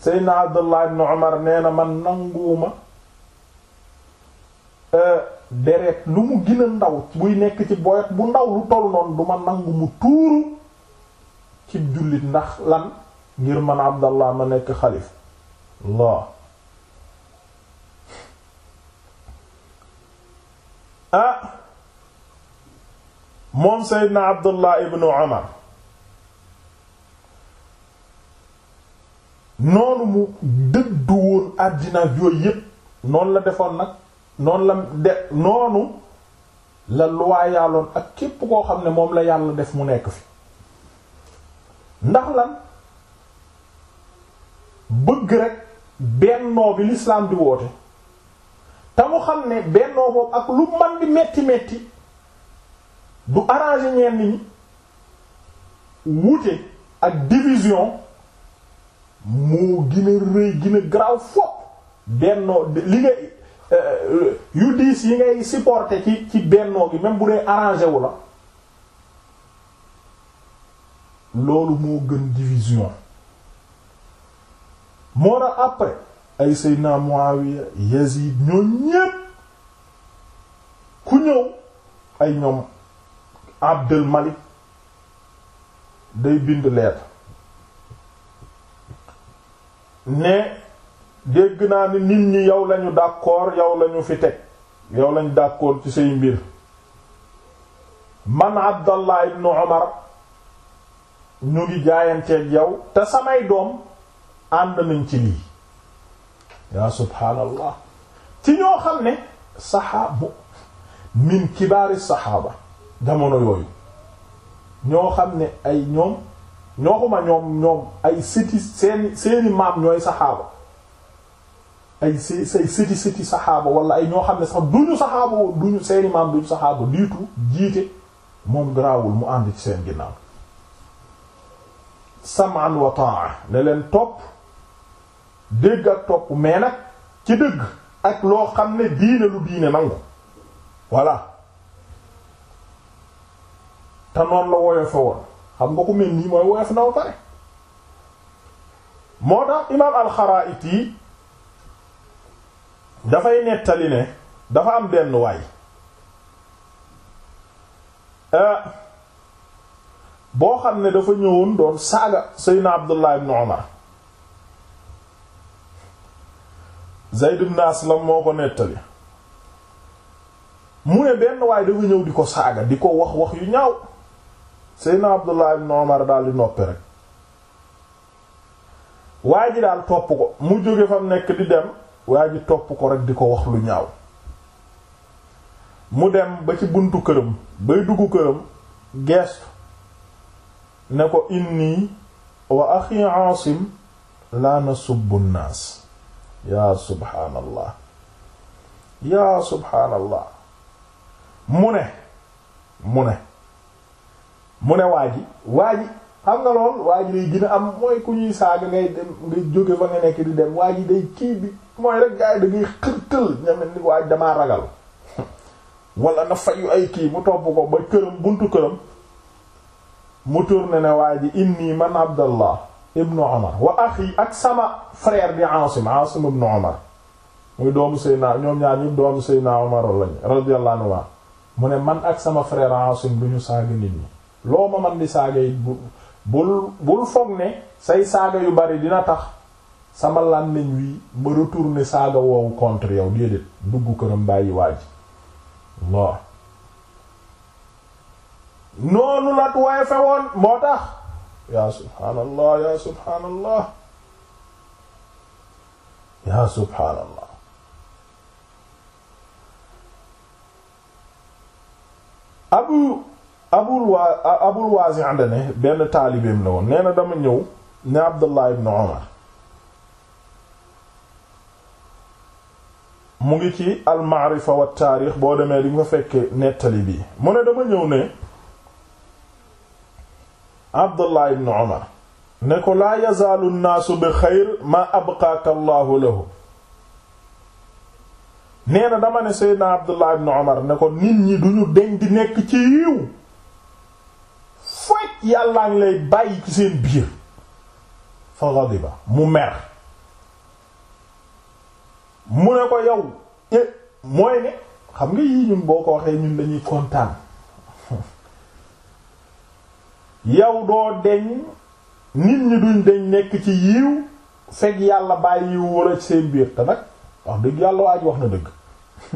Seydina Abdullah ibn Umar nee na man nanguwuma euh, deret lu mu gën ndaw buy nekk ci boyat bu ndaw lu toll noonu du ma nangu mu tuuru ci jullit ndax lan ngir man Abdallah ma nekk xalifa Allah ah. moom Seydina Abdullah ibnu Umar noonu mu dëddu woon àddina yooyu yépp noonu la defoon nag noonu la de noonu la ak képp koo xam ne moom la yàlla def mu nekk fi ndax lan bëgg rek bennoo bi l'islam di woote te mu xam ne bennoo boobu ak lu man di metti metti du arranger ñenn ñi wuute ak division moo gën a rëy gën a garaaw bennoo li nga euh, yu diis yi ngay supporter ci ci bennoo gi même bu dee arrangé wu la loolu moo gën division moo tax après ay Seydina Muawiya Yazid ñoo ñépp ku ñëw ay ñoom Abdul Malik day bind lettre ne dégg naa ni nit ñi yow lañu d'accord yow lañu fi teg yow lañu d'accord ci say mbir man Abdallah ibn Umar ñu ngi jaayanteeg yow te samay doom ànd nañ ci lii yaa subhaanallah ci ñoo xam ne saxaabu min kibaari saxaaba jamono yooyu ñoo xam ne ay ñoom ñoo ñoom ñoom ay sëti seeni seeni maam ñooy saxaaba ay say sëti sëti saxaaba wala ay ñoo xam ne sax duñu saxaaba woon duñu seeni maam duñu saxaaba diitu jiite moom garaawul mu ànd seen ginnaaw sam'an wa ta'a ne leen topp dégg ak topp mais nag ci dëgg ak loo xam ne diine lu diine nangu voilà te noonu la woyofe woon xam nga ko mel nii mooy woyof na ba pare moo tax imaam alxaraayiti dafay nettali ne dafa am benn waay euh, boo xam ne dafa ñëwoon doon saaga seydna abdullah ibn umar zayd ibn moo ko nettali mu ne benn waay dafa ñëw di ko saaga di ko wax wax yu ñaaw Seydina Abdullah ibn Omar daal di noppi rek waa ji daal topp ko mu jóge fam nekk di dem waa ji topp ko rek di ko wax lu ñaaw mu dem ba ci buntu këram bay dugg këram geestu ne ko inni wa axi Aasim laa nasubbu nnaas yaa subhaanallah yaa subhaanallah mu ne mu ne mu ne waa ji waa xam nga lool waa ji day gën am mooy ku ñuy saaga ngay dem ngay jóge fa nga nekk di dem waa ji day kii bi mooy rek gars yi da ngay xërtal ñamel ni waa ji damaa ragal [laughs] wala na yu ay kii mu topp ko ba këram buntu këram mu tourné ne waa ji inni man abdallah ibnu omar wa axi ak sama frère bi asim asim ibnu omar muy doomu Seydina ñoom ñaar ñi doomu Seydina omar lañ radiyallahu anhu mu ne man ak sama frère asim duñu saaga nit ñi loo ma man di saaga yi bu bul bul foog ne say saaga yu bari dina tax sama làmmiñ wi ma retourner saaga woowu contre yow déedéet dugg këram bàyyi waa noonu la tuwaay fe moo tax yaa subhaanallah yaa subhaanallah abu abul waa abul waazi benn taalibeem la woon nee na dama ñëw ne abdullah ibn omar mu ngi ci al wa taarix boo demee di nga fa fekk nettali bi mu ne dama ñëw ne abdullah ibn omar ne ko laa yazaalu nnaasu bi xayr ma abqaaka allahu lahu nee na dama ne seydna abdullah ibn omar ne ko nit ñi duñu deñ di nekk ci yiw yàllaa ngi lay bàyyi ci seen biir fa ghadiba mu mer mu ne ko yow eh, mooy ne xam nga yii ñun boo ko waxee ñun lañuy kontaan [laughs] yow doo deñ nit ñi duñ deñ nekk ci yiw fekk yàlla bàyyi yiw wala ci seen biir te nag wax dëgg yàlla waa ji wax na dëgg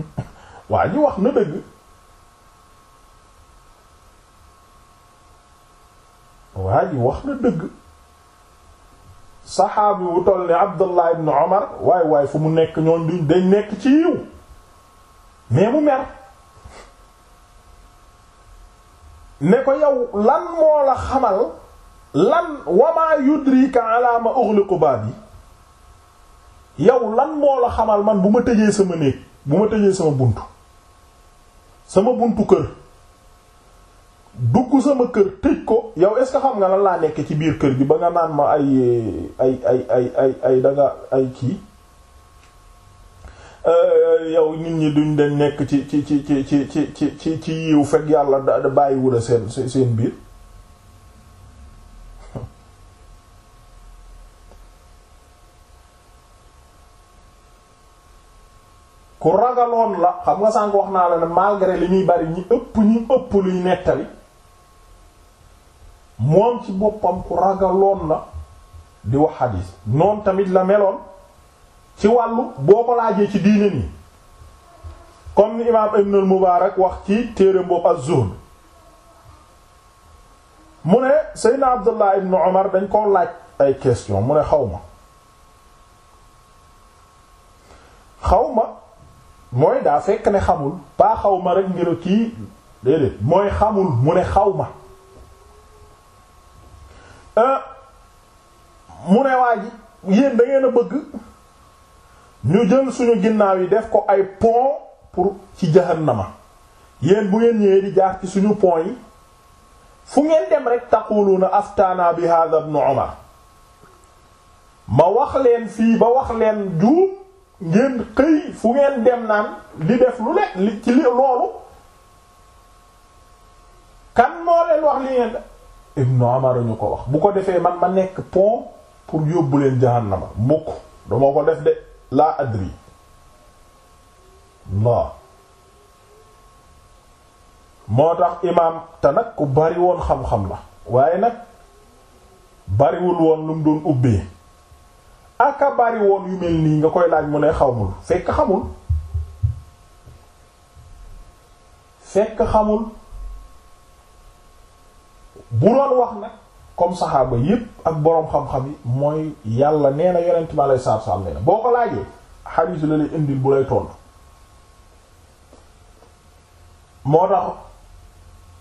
[laughs] waa ji wax na dëgg waa ji wax na dëgg saxaabi wu toll ni Abdullah ibn Omar waay waay fu mu nekk ñoon duñ dañ nekk ci yiw mais mu mer ne ko yow lan moo la xamal lan wamaa yudrika ala ma yi yow lan moo la xamal man bu ma tëjee sama néeg bu ma tëjee sama buntu sama buntu kër dugg sama kër tëj ko yow est ce xam nga lan laa nekk ci biir kër gi ba nga naan ma ay ay ay ay danga ay kii euh, yow nit ñi duñ dañ nekk ci ci ci ci ci ci ci ci ci yiw fekk yàlla da bàyyiwula seen seen biir ku ragaloon la xam nga sànk wax naa la ne malgré li ñuy bari ñi ëpp ñi ëpp luy nettali moom ci boppam ku ragaloon la di wax xadiis noonu tamit la meloon ci wàllu boo ko laajee ci diine nii comme ni imaam ibn al mubaarak wax ci téere boobu az-zuhd mu ne seydna abdullah ibn omar dañ koo laaj ay question mu ne xaw ma xaw ma mooy daa fekk ne xamul pas xaw ma rek ngir kii mooy xamul mu ne xaw ma Ah, mu ne waa ji yéen da ngeen a bëgg ñu jël suñu ginnaaw yi def ko ay pont pour ci jahannama yéen bu ngeen ñëwee di jaar ci suñu pon yi fu ngeen dem rek taquluna aftana bi hadha ibn umar ma wax leen fii ba wax leen juum ngeen xëy fu ngeen dem naan di def lu le li ci loolu kan moo leen wax li ngeen ibnu Umar ñu ko wax bu ko defee man ma nekk pont pour yóbbu leen jahannama mukk dama ko def de laa adri waaw moo tax imaam te nag ku bari woon xam-xam la waaye nag bariwul woon lu mu doon ubbee aka bari woon yu mel nii nga koy laaj mu ne xamul fekk xamul fekk xamul bu doon wax nag comme saxaaba yépp ak boroom xam-xam yi mooy yàlla nee na yonent bi alei saatu salaam nee na boo ko laajee xadiis la lay indil bu lay tontu moo tax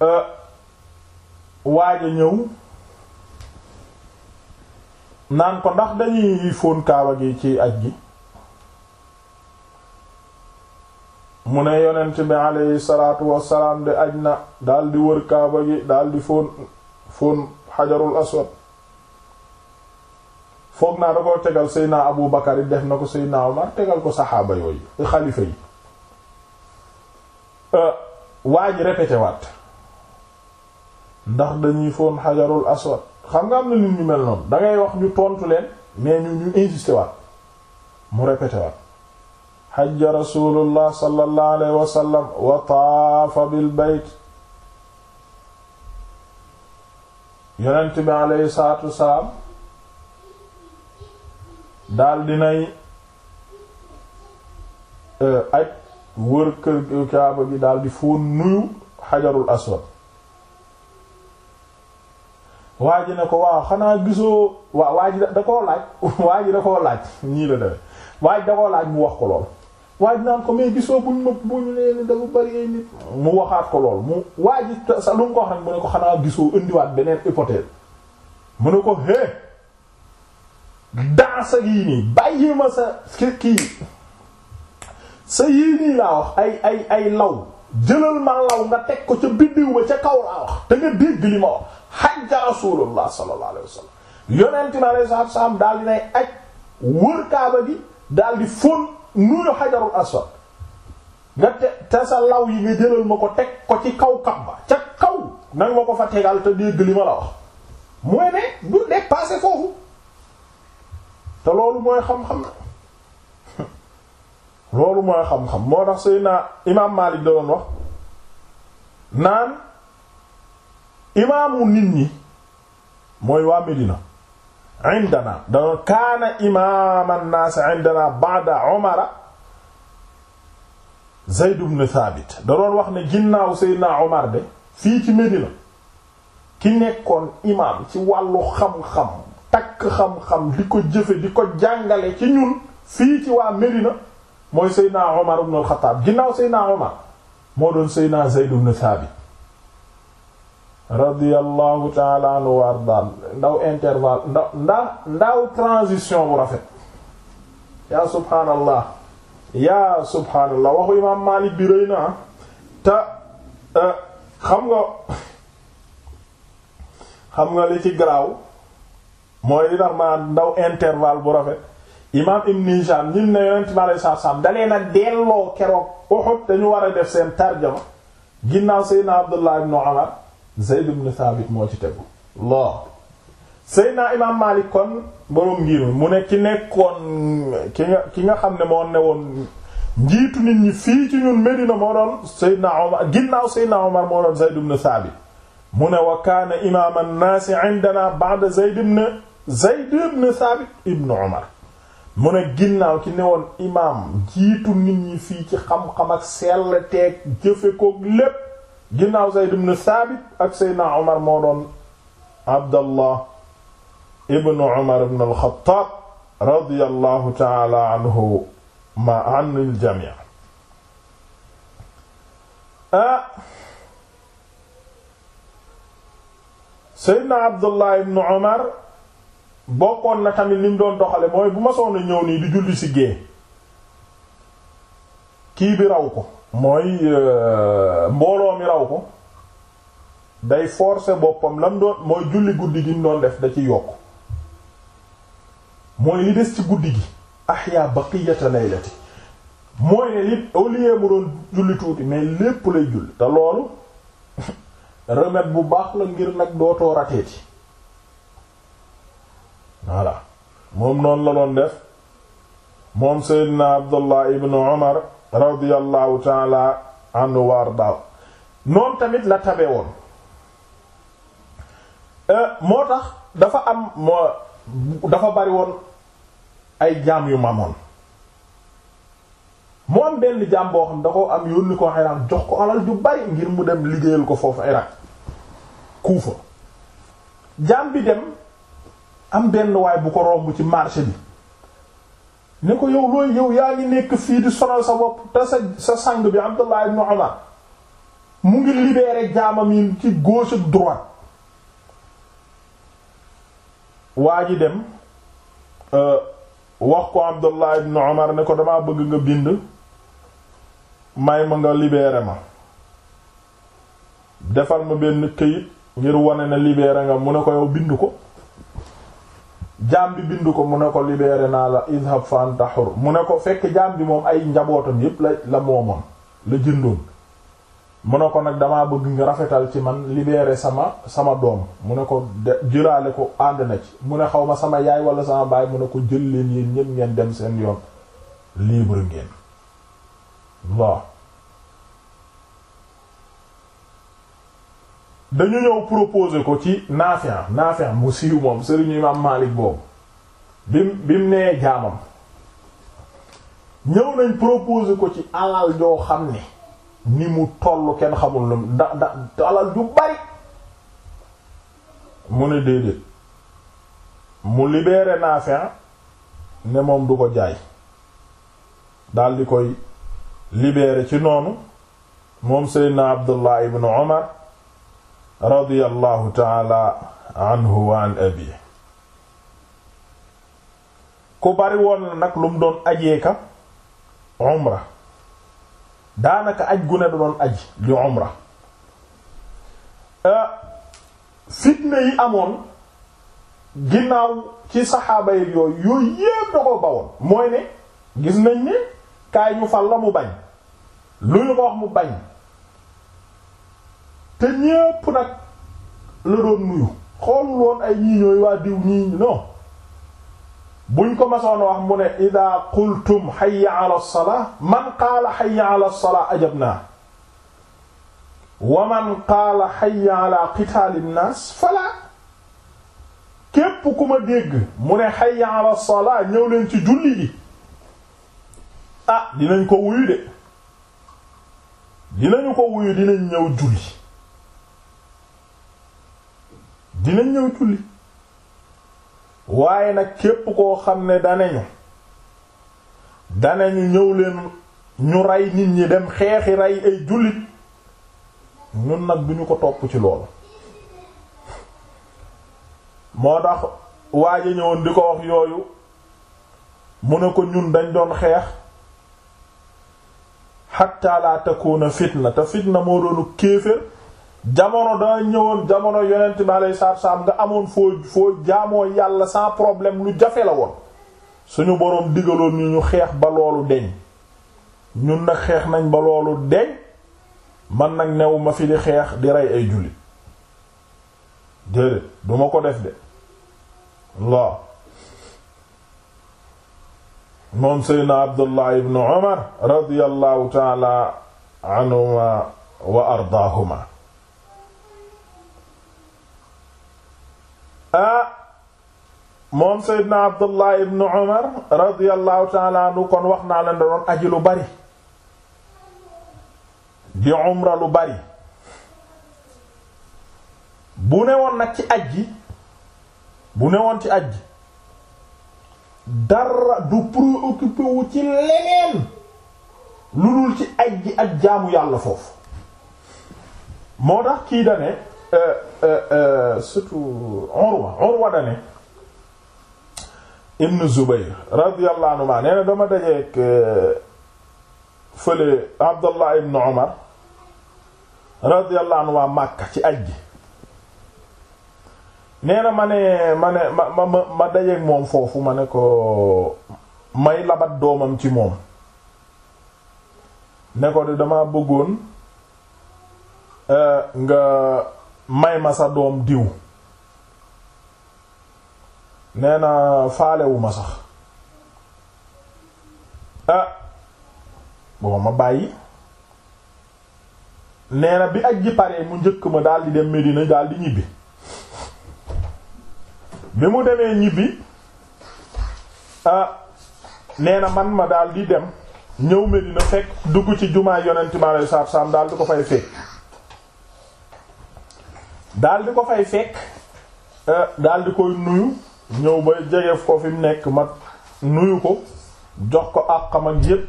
euh, waaj a ñëw naan ko ndax dañuy fóon kaaba gi ci aj gi mu ne yonent bi aleyhi salaatu wassalaam de aj na daldi wër kaaba gi daldi fóon fóon xajarul aswad foog naa da koo tegal seydna abu bakar yi def na ko seydna omar tegal ko saxaaba yooyu xalifa yi euh, waa ji répété ndax dañuy foon xajarul aswad xam nga am na nit ñu mel noonu dangay wax ñu tontu leen mais ñu ñu insisté mu répété waat xajja rasulullah sallallahu alayhi wa taafa bil bayt yonent bi alayhi salaatu wassalaam daal dinay eh, aj wër kër kaaba bi daal di foo nuyu xajarul aswad waa ji ko waaw xanaa gisoo waa waa ji da koo laaj [laughs] waa ji da koo laaj ñii la deme waa da koo laaj mu wax ko lool waa naan ko mais gisoo buñ ma buñ leen dafa bari ay nit mu waxaat ko lool mu waaj sa lu mu ko wax ne ko xanaa gisoo indiwaat beneen hypothèse mu ne ko hé sa yii nii bàyyi ma sa kii sa yii nii laa wax ay ay ay law jëlal ma law nga teg ko ca biddiw ma ca kaw laa wax te nga dégg li ma wax hajja rasulullah sa alayhi wasallam yonent mi alayhi salaatu wasallam daal dinay aj wër kaaba gi daal di fóon nuyu xajarul aswad nga te te sa law yi nga jëlal ma ko teg ko ci kaw kamba ca kaw nanga ma ko fa tegal te dégg li ma la wax mooy ne du dépasser foofu te loolu mooy xam-xam na [laughs] loolu mooy xam-xam moo tax sëy naa imaam Maalik da doon wax naan imaamu nit ñi mooy waa Medina indana danoon kaana imaam an-naas indana fii ci Medina ki nekkoon imaam ci wàllu xam-xam takk xam-xam di ko jëfe di ko jàngale ci ñun fii ci waa Medina mooy Seydina Umar ibn al-Khattab ginnaaw Seydina moo doon Seydina Zayd ibn Thabit radiyallahu taala ndaw intervalle ndaw ndaw transition bu rafet yaa subhaanallah yaa subhaanallah waxu imaam Maalik bi na ah. te eh, xam nga xam nga li ci graw mooy li tax ma ndaw intervalle bu rafet imaam Ibn Hisham ñim ne yonent bi alei satu dalee na delloo keroog Uhud dañu war a def seen tarjama ginnaaw Seydina Abdullah ibn Umar Zayd ibn Thabit moo ci tegu Allah Seydina Imaam Maalik kon boroom ngir mu ne ki nekkoon ki nga ki nga xam ne moo ne woon njiitu nit ñi fii ci ñun Medina moo doon Seydina ginnaaw Seydina Omar moo doon Zayd Thabit mu ne wa kaana imaam an-naas indana ba'da Zayd ibn Zayd Thabit ibn Omar mu ne ginnaaw ki ne woon imaam njiitu nit ñi fii ci xam-xam ak sell teeg jëfe koog lépp ginnaaw Zayd ibn Thabit ak Seydina Omar moo doon Abdallah ibn Omar ibn al-Khattab radiyallahu ta'ala anhu ma anil jami' ah Seydina Abdallah ibn Omar bokkoon na tamit ni mu doon doxale mooy bu ma soona ñëw nii di julli ci gée kii bi raw ko mooy euh, mbooloo mi raw ko day forcer boppam lam doon mooy julli guddi gi mu doon def da ci yokk mooy li des ci guddi gi ahya baqiyata laylati mooy ne li au lieu mu doon julli tuuti mais lépp lay julli te loolu [laughs] remède bu baax la ngir nag dootoo rateeti voilà moom noonu la doon def moom Seydina Abdullah ibn Umar radiyallahu taala anhu wa ardaa tamit la tabe woon euh, moo tax dafa am moo dafa bari woon ay jaam yu mamoon mu am benn jaam boo xam da ko am yónni ko Irak jox ko alal ju bari ngir mu dem liggéeyal ko foofu Irak Kuufa jaam bi dem am benn waay bu ko romb ci marché bi ne ko yow looy yow yaa ngi nekk fii di sonal sa bopp te sa sang bi Abdullah ibn Umar mu ngi libéré jaamam yi ci gauche ak droite waa ji dem euh, wax ko Abdullah ibn Umar ne ko damaa bëgg nga bind may ma nga libéré ma defal ma benn këyit ngir wane na libéré nga mu ne ko yow bind ko jaam bi bind ko mu ne ko libéré naa la izhab fa anta mu ne ko fekk jaam bi moom ay njabootam yépp la la moomoon la jëndoon mu ne ko nag damaa bëgg nga rafetal ci man libéré sama sama doom mu ne ko jëlaale ko ànd na ci mu ne xaw ma sama yaay wala sama baay mu ne ko jël leen yéen ñépp ngeen dem seen yoon libre ngeen waaw dañu ñëw proposer ko ci Naafi' Naafi' mu siiw moom sëriñu imaam Maalik boobu bi bi mu nee jaamam ñëw nañ proposer ko ci alal joo xam ne ni mu tollu kenn xamul lu da da alal ju bari mu ne déedéet mu libéré Naafi' ne moom du ko jaay dal di koy libéré ci noonu moom Seydina Abdullah ibn Omar radiyallahu taala anhu wa an abi ku bari woon la nag lu mu doon ajeeka umra daanaka aj gu ne da doon aj li umra euh, fitne yi amoon ginnaaw ci saxaaba yi yooyu yépp da ko bawoon mooy ne gis nañ ne kaay ñu fal la mu bañ lu ñu ko mu bañ te ñépp nag la doon nuyu xoolul woon ay ñii waa diw ñii non buñ ko masoon wax mu ne ida qultum hayya ala salaa man qaala hayya ala salaa ajabnaa wa man qaala hayya ala qitaali nnaas falaa képp ku ma dégg mu ne hayya ala salaa ñëw leen ci julli gi a ah, dinañ ko wuyu de dinañu ko wuyu dinañ ñëw julli dinañ ñëw julli waaye nag képp koo xam ne danañu danañu ñëw leen ñu rey nit ñi dem xeexi rey ay jullit ñun nag duñu ko topp ci loolu moo tax waaja ñëwoon di ko wax yooyu mu ne ko ñun dañ doon xeex hatta la takuna fitna te fitna moo doonu kéefër jamono daa ñëwoon jamono yonent bi alayhi salaatu salaam nga amoon foo foo jaamoo yàlla sans problème lu jafe la woon suñu boroom digaloon ñu ñu xeex ba loolu deñ ñun nag xeex nañ ba loolu deñ man nag new ma fi di xeex di rey ay jullit déedéet duma ko def de waaw moom seydna abdullah ibnu umar radiyallahu taala anhuma wa ardaahuma ah moom Seydina Abdullah ibn Umar radiyallahu ta'ala kon wax naa leen da doon aji lu bari di umra lu bari bu ne woon nag ci aj gi bu ne woon ci aj gi dara du préoccupé wu ci leneen lu dul ci aj gi ak jaamu yàlla foofu moo tax kii da Euh, euh, euh, surtout Urwa Urwa da ne Ibn Zubayr radiyallahu anhuma nee dama dajeek fële Abdallah ibn Umar radiyallahu anhu Makka ci aj gi nee ma ne ma ne ma ma ma ma dajeek moom foofu ma ne ko may labat doomam ci moom ne ko di dama bëggoon nga may ma sa doom diw nee na faalewu sax ah boo ma bàyyi nee na bi ak ji paree mu njëkk ma daal di dem Medina daal di ñibbi bi mu demee ñibbi ah nee na man ma daal di dem ñëw Medina fekk dugg ci jumaa yonent mi alayhi salaatu salaam daal di ko fay fekk daldi ko fay fekk eh, daldi di koy nuyu ñëw ba jegeef ko fi mu nekk mag nuyu ko jox ko àqam ak yépp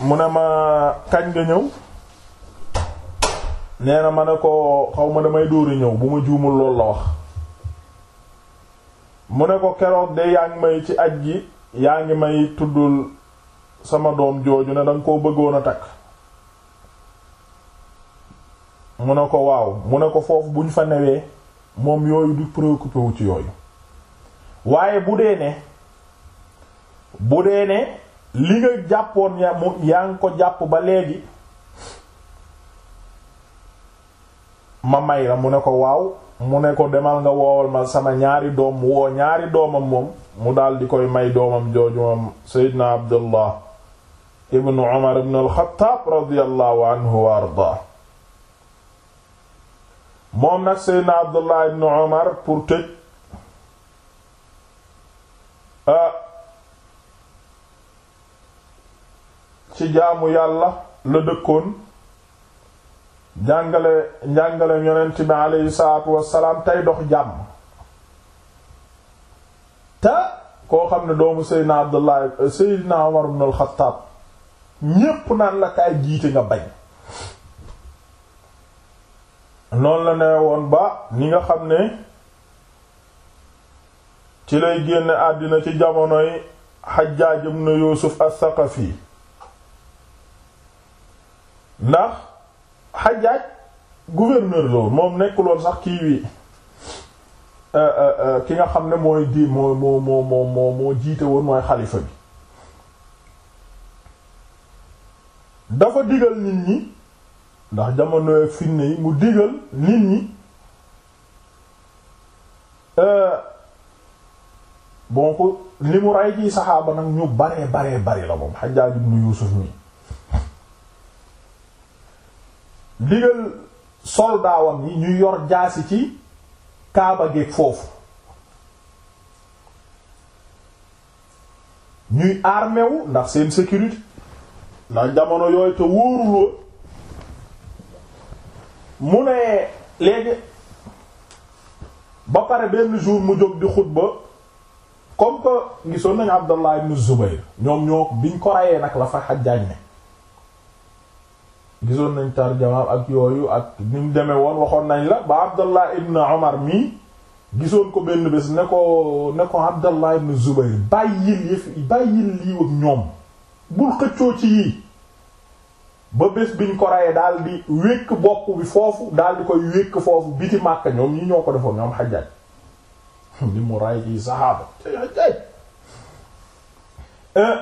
mu ne ma kañ nga ñëw nee na ma ne ko xaw ma damay dóori ñëw bu ma juumul loolu la wax mu ne ko keroog de yaa ngi may ci aj gi yaa ngi may tuddul sama doom jooju ne danga koo bëggoon a takk mu ne ko waaw mu ne ko foofu bu ñu fa newee moom yooyu du préoccupé wu ci yooyu waaye bu dee ne bu dee ne li nga jàppoon ya yaa ngi ko jàpp ba léegi ma may la mu ne ko waaw mu ne ko demal nga woowal ma sama ñaari doom woo ñaari doomam moom mu daal di koy may doomam jooju moom Seydina Abdullah ibnu Umar ibnu al-Xattaab anhu wa ardaa moom nag seydna abdullah ibn omar pour tëj ah, ci jaamu yàlla la dëkkoon jàngale njàngale yonent bi aleyhi salaatu wassalaam tey dox jàmm te koo xam ne doomu seydna abdullah seydna omar ibn al ñépp naan la kaay jiite nga bañ noonu la nee woon ba ni nga xam ne ci lay génne àddina ci jamonoy Hajjaaj ibn Yuusuf as-Saqafi ndax Hajjaaj gouverneur loolu moom nekkuloon sax kii wi euh, euh, euh, ki nga xam ne mooy di moo moo moo moo moo jiite woon mooy xalifa bi dafa digal nit ñi ndax jamono finne yi mu digal nit ñi euh, bon ko li mu rey ci saxaaba nag ñu baree baree bari la moom Hajjaaj ibnu Yuusuf mi digal soldaawam yi ñu yor jaasi ci kaaba gi foofu ñuy armé ndax seen sécurité ndax jamono yooyu te wóoruloo mu ne léegi ba pare benn jour mu jóg di xutba comme que gisoon nañu Abdallah ibn Zubayr ñoom ñoo biñ ko rayee nag la fa Hajjaj ne gisoon nañ tarjamaam ak yooyu ak ni mu demee woon waxoon nañ la ba Abdallah ibn Omar mii gisoon ko benn bés ne ko ne ko Abdallah ibn Zubayr bàyyil yëf bàyyil lii ak ñoom bul xëccoo ci yii ba bés biñ ko rayee daal di wékk bokk bi foofu daal di koy wékk foofu biti Makka ñoom ñi ñoo ko defoon ñoom Hajjaj li [laughs] mu ray ci saxaaba euh,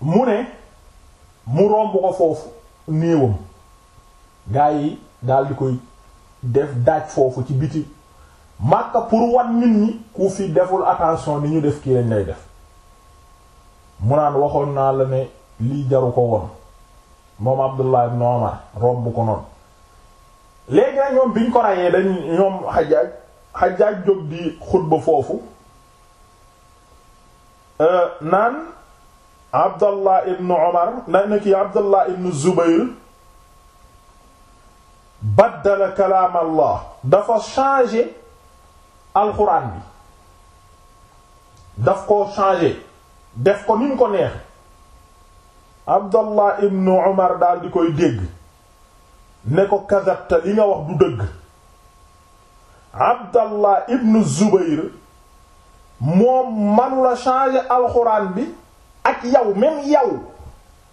mu ne mu romb ko foofu néewam gaa yi daal di koy def daaj foofu ci biti Makka pour wan nit ñi ku fi deful attention ni ñu def kii lañ lay def mu naan waxoon naa la ne lii jaru ko woon moom Abdullah ibn Umar romb ko noonu léegi nag ñoom biñ ko rayee dañ ñoom Hajjaj Hajjaj jóg di xutba foofu euh, naan Abdullah ibn Umar naan na ki Abdullah ibn Zubayr baddala kalaam Allah dafa changer alxuraan bi daf koo changer def ko ni ko neex abdallah ibnu umar daal di koy dégg ne ko kadabta li nga wax du dëgg abdallah ibnu zubayr moom manula changer alxuraan bi ak yow même yow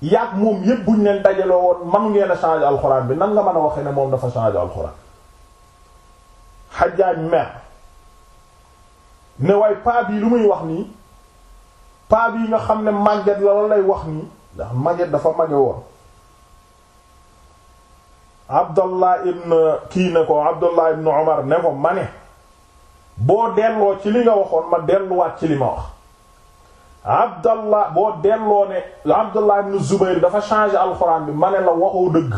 yaag moom yépp bu leen dajaloo woon manu ngeen a changer alxuraan bi nan nga mën a waxee ne moom dafa changer alxuraan xajaaj mer ne waaye paa bii lu muy wax nii paa yi nga xam ne màgget la loolu lay wax nii ndax mage dafa mage woon abdallah ibn kii ne ko abdallah ibn omar ne ko ma boo delloo ci li nga waxoon ma delluwaat ci li ma wax abdallah boo delloo ne abdallah ibn zubayr dafa changé alxuraan bi mane la waxoo dëgg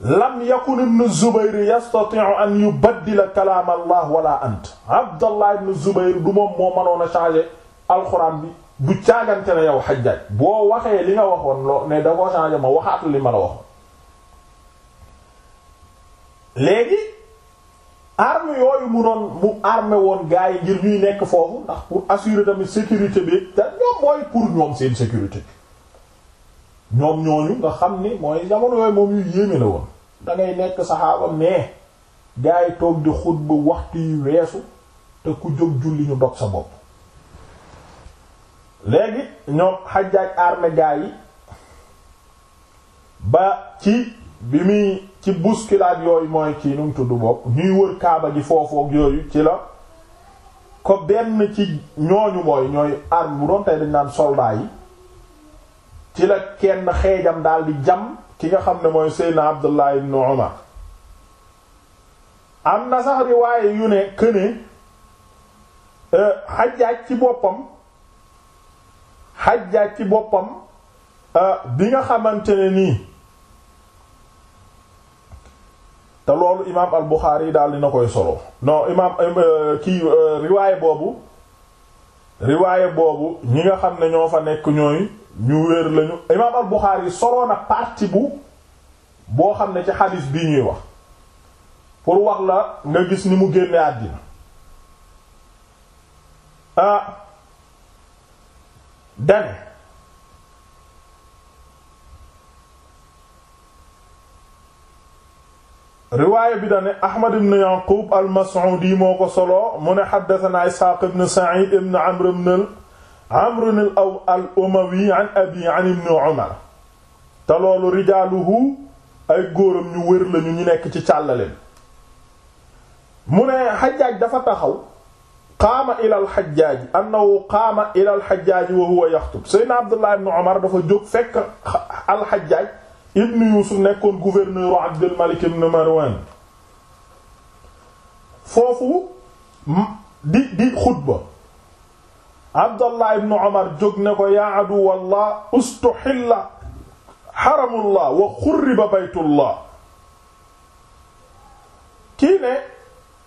lam yakun ibn zubayr yastati'u an yubaddila kalaam allah wala ant abdallah ibn zubayr du moom moo mënoon a changé alxuraan bi du caagante ne yow xajjaaj boo waxee li nga waxoon loo ne da ko changé ma li ma la waxoon léegi arme yooyu mu doon mu armé woon gars yi ngir ñuy nekk foofu ndax pour assuré tamit sécurité bi te ñoom mooy pour ñoom seen sécurité bi ñoom ñooñu nga xam ni mooy jamono yooyu moom yu yéeme la woon da nekk saxaaba mais gars toog di xutba waxtu yu weesu te ku jóg julli ñu dog sa bopp léegi ñoom xajaaj arme gaa yi ba ci bi muy ci bousculade yooyu mooy kii nu mu tudd bopp ñuy wër kaaba ji foofu ak yooyu ci la ko benn ci ñooñu mooy ñooy arme bu doon tey dañ naan soldat yi ci la kenn xeejam daal di jam ki nga xam ne mooy Seydina Abdullah ibn Umar am na sax riwaaye yu ne këne xajaaj euh, ci boppam Hajjaj ci boppam euh, bi nga xamante ne nii te loolu imaam al Buxaari yi daal dina koy solo non imaam euh, kii euh, riwaaye boobu riwaaye boobu ñi nga xam ne ñoo fa nekk ñooy ñu wér lañu imaam al Buxaari yi solo na partie bu boo xam ne ci xadiis bii ñuy wax pour wax la nga gis ni mu génne àddina ah, dane riwaaya bi dane ahmad ibn yaqub al-mas'udi moo ko solo mu ne xaddatanaa isxaaq ibn sa'id ibn amr ibn al-umawi an abi an ibn umar te loolu rijaaluhu ay góoram ñu wér lañu ñu nekk ci càllale mu ne xajaaj dafa taxaw qaama ila alxajjaaji annahu qaama ila alxajjaaji wa huwa yaxtub seydna abdullah ibn omar dafa jóg fekk alxajjaaj ibn yuusuf nekkoon gouverneur abdul malik ibn marwan foofu di di xutba abdullah ibn omar jóg ne ko yaa aduwallah ustuxilla xaramullah wa xurriba baytullah kii ne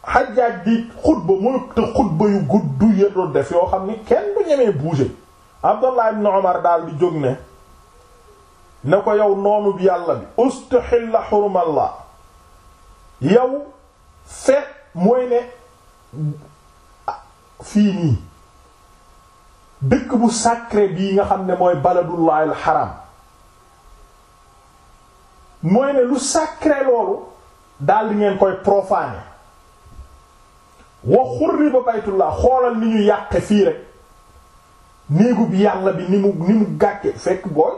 Hajjaj di xutba mu te xutba yu gudd ya doon def yoo xam ni kenn du ñemee bouger Abdallah ibn daal di jóg ne ne ko yow noomu bi yàlla bi ustuhilla hurumallah yow feet mooy ne fii nii dëkk bu sacré bii nga xam ne mooy baladullah al haram mooy ne lu sacré loolu daal di ngeen koy profaner wa xurriba baytullah xoolal ni ñu yàqe fii rek néegub yàlla bi ni mu ni mu gàcce fekk booy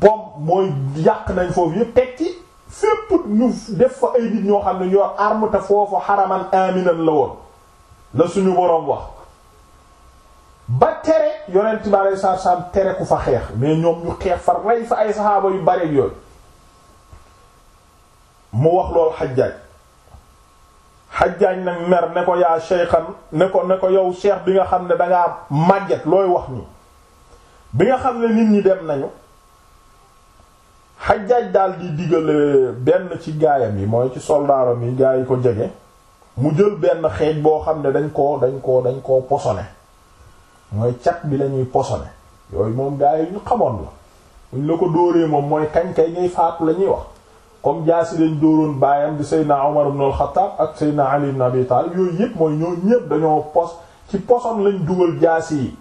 bomb mooy yàq nañ foofu yëpp teg ci fépp ñu def fa ay nit ñoo xam ne ñoo arme te foofu xaraman aminan la woon la suñu woroom wax ba tere yonent bi alei satu salaam tere ku fa xeex mais ñoom ñu xeex fa rey fa ay saxaaba yu bare yooyu mu wax loolu xajjaaj xajjaañ nag mer ne ko yaa cheykhan ne ko ne ko yow cheikh bi nga xam ne dangaa màgget looy wax nii bi nga xam ne nit ñi dem nañu xajjaaj daal di digale benn ci gaayam yi mooy ci soldaaram yi gaa yi ko jege mu jël benn xeej boo xam ne dañ ko dañ koo dañ koo posone mooy cat bi lañuy posone yooyu moom gaa yi ñu xamoon la buñ la ko dóoree moom mooy kañ kay ngay faatu lañuy wax comme jaasi lañ dóoroon baayam di Seydina Umar ibn ak Seydina Ali ibn Abi yooyu yëpp mooy ñoo ñëpp dañoo pos ci poson lañ dugal jaasi yi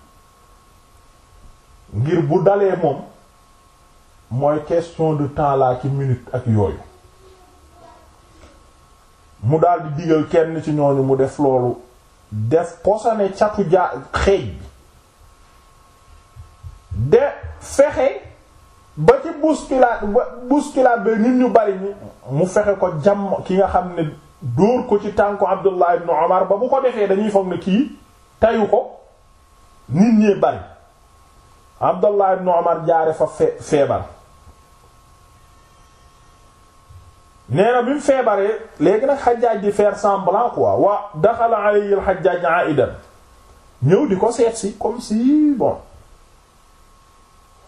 ngir bu dalee moom mooy question de temps laa ci minute ak yooyu mu daal di digal kenn ci ñooñu mu def loolu def posone catu jaa xeej bi de fexe ba ci bousculade bousculade ba nit ñu bari ñi mu fexe ko jàmm ki nga xam ne dóor ko ci tànku Abdullah ibn Omar ba bu ko defee dañuy foog ne kii tayu ko nit ñee bari Abdullah ibn Omar jaare fa fee feebar nee na bi mu feebaree léegi nag Hajjaj di faire semblant quoi wa daxala alayhi al-Hajjaj aidan ñëw di ko seet si comme si bon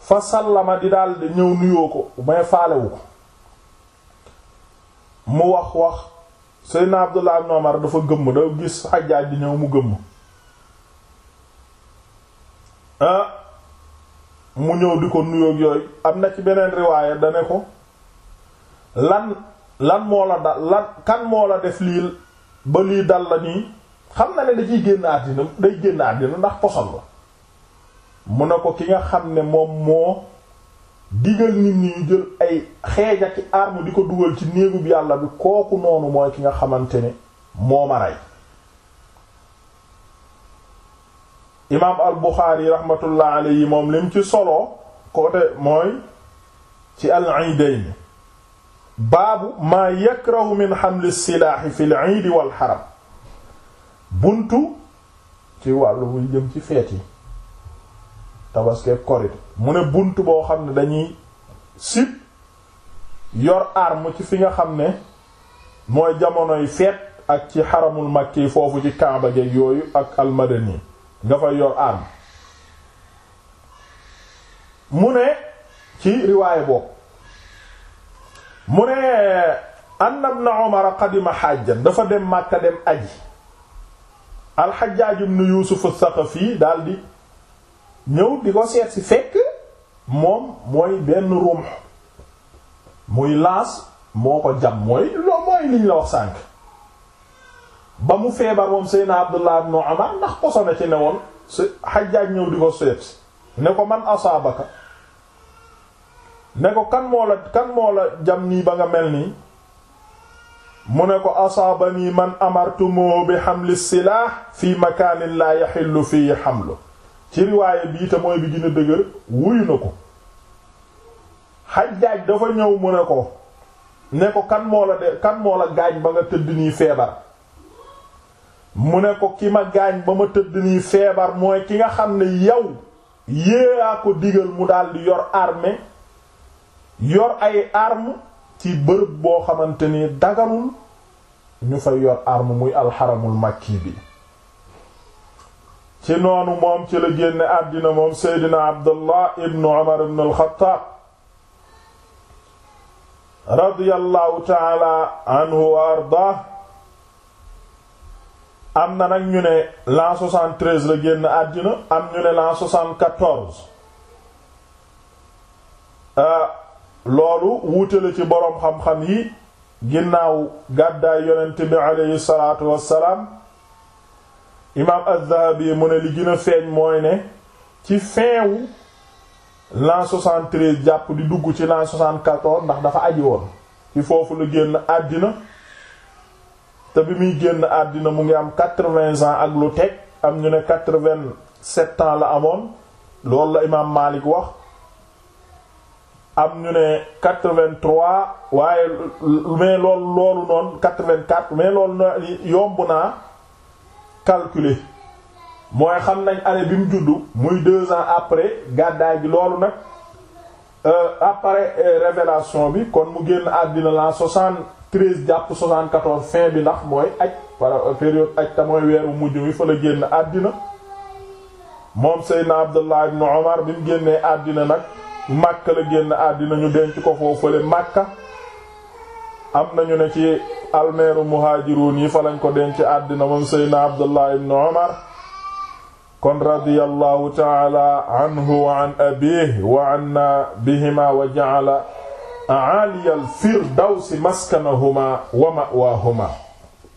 fa sallama di daal di ñëw nuyoo ko may faalewu ko mu wax wax Seydina Abdullah ibn Umar dafa gëmm da gis Hajjaaj di ñëw mu gëmm ah, mu ñëw di ko nuyoo ak yooyu am na ci beneen riwaaya da ne ko lan lan moo la dal lan kan moo la def lii ba lii dal la nii xam na ne da ciy génn àddina day génn àddina ndax posol la mu ne ko ki nga xam ne moom moo digal nit ñi ñu jël ay xeej ak arme di ko dugal ci néegub yàlla bi kooku noonu mooy ki nga xamante ne moo ma rey imaam al Buxaari rahmatullah alayhi moom lim ci solo côté mooy ci al iidayn baabu maa yakrahu min xamli silaaxi fil iidi wal xaram buntu ci wàllu muy jëm ci feet yi tabaskeeg mu ne bunt boo xam ne dañuy sib yor arme ci fi nga xam ne mooy jamonoy feet ak ci xaramul makki foofu ci Kaaba geeg yooyu ak almadani nga fay yor arme mu ne ci riwaaye boobu mu ne anna ibn Umar qadima hajjan dafa dem Makka dem aji al Hajjaj ibn Yusuf as daldi ñëw di ko seet si fekk moom mooy benn rumx muy laas moo ko jam mooy loo mooy liñ la wax sànk ba mu feebar moom Seydina Abdullah ibn Umar ndax poso na ci ne woon si Hajjaj ñëw di ko seet ne ko man asaabaka ne ko kan moo la kan moo la jam nii ba nga mel nii mu ne ko nii man amartumoo bi hamli silaah fi makaanin laa yaxillu fii hamlu ci riwaaye bii te mooy bi gën a dëgër wuyu na ko Hajjaaj dafa ñëw mu ne ko ne ko kan moo la de kan moo la gaañ ba nga tëdd nii feebar mu ne ko ki ma gaañ ba ma tëdd nii feebar mooy ki nga xam ne yow yéeyaa ko digal mu daldi yor arme yor ay arm ci bërëb boo xamante ni daganul ñu fay yor arme muy alxaramul makki bi ci noonu moom ci la génne àddina moom seydina abdullah ibnu umar ibn alxataab radiyallahu taala anhu wa arda am na nag ñu ne l'an la génn àddina am ñu ne l'an euh, loolu wuute la ci boroom xam-xam yi ginnaaw gàddaay yonent bi aleyhi salaatu wassalaam imaam Az-Zahabi mu ne li gën a feeñ mooy ne ci fin wu l'an jàpp di dugg ci l'an ndax dafa aji woon ci foofu lu génn àddina te bi muy génn àddina mu ngi am 80 ans ak lu teg am ñu ne 87 ans la amoon loolu la imaam Malik wax am ñu ne waaye mais loolu loolu noonu 84 mais loolu yomb naa. calculer mooy xam nañ année bi mu juddu muy deux ans après gàddaay gi loolu nag euh, après euh, révélation bi kon mu génn àddina la soixante-treize jàpp soixante-quatorze bi ndax mooy aj par euh, période aj te mooy weeru mujj wi fa la génn àddina moom Seydina Abdullah ibn Omar bi mu génnee àddina nag Makka la génn àddina ñu denc ko foofale Makka am nañu ne ci almeeru muhaajiruun yi fa lañ ko denc àddina moom seydna abdullah ibn umar kon radiyallahu taala anhu wa an abiihi wa anna bihima wa ja'ala a'ali al firdawsi maskanahuma wa ma'waahuma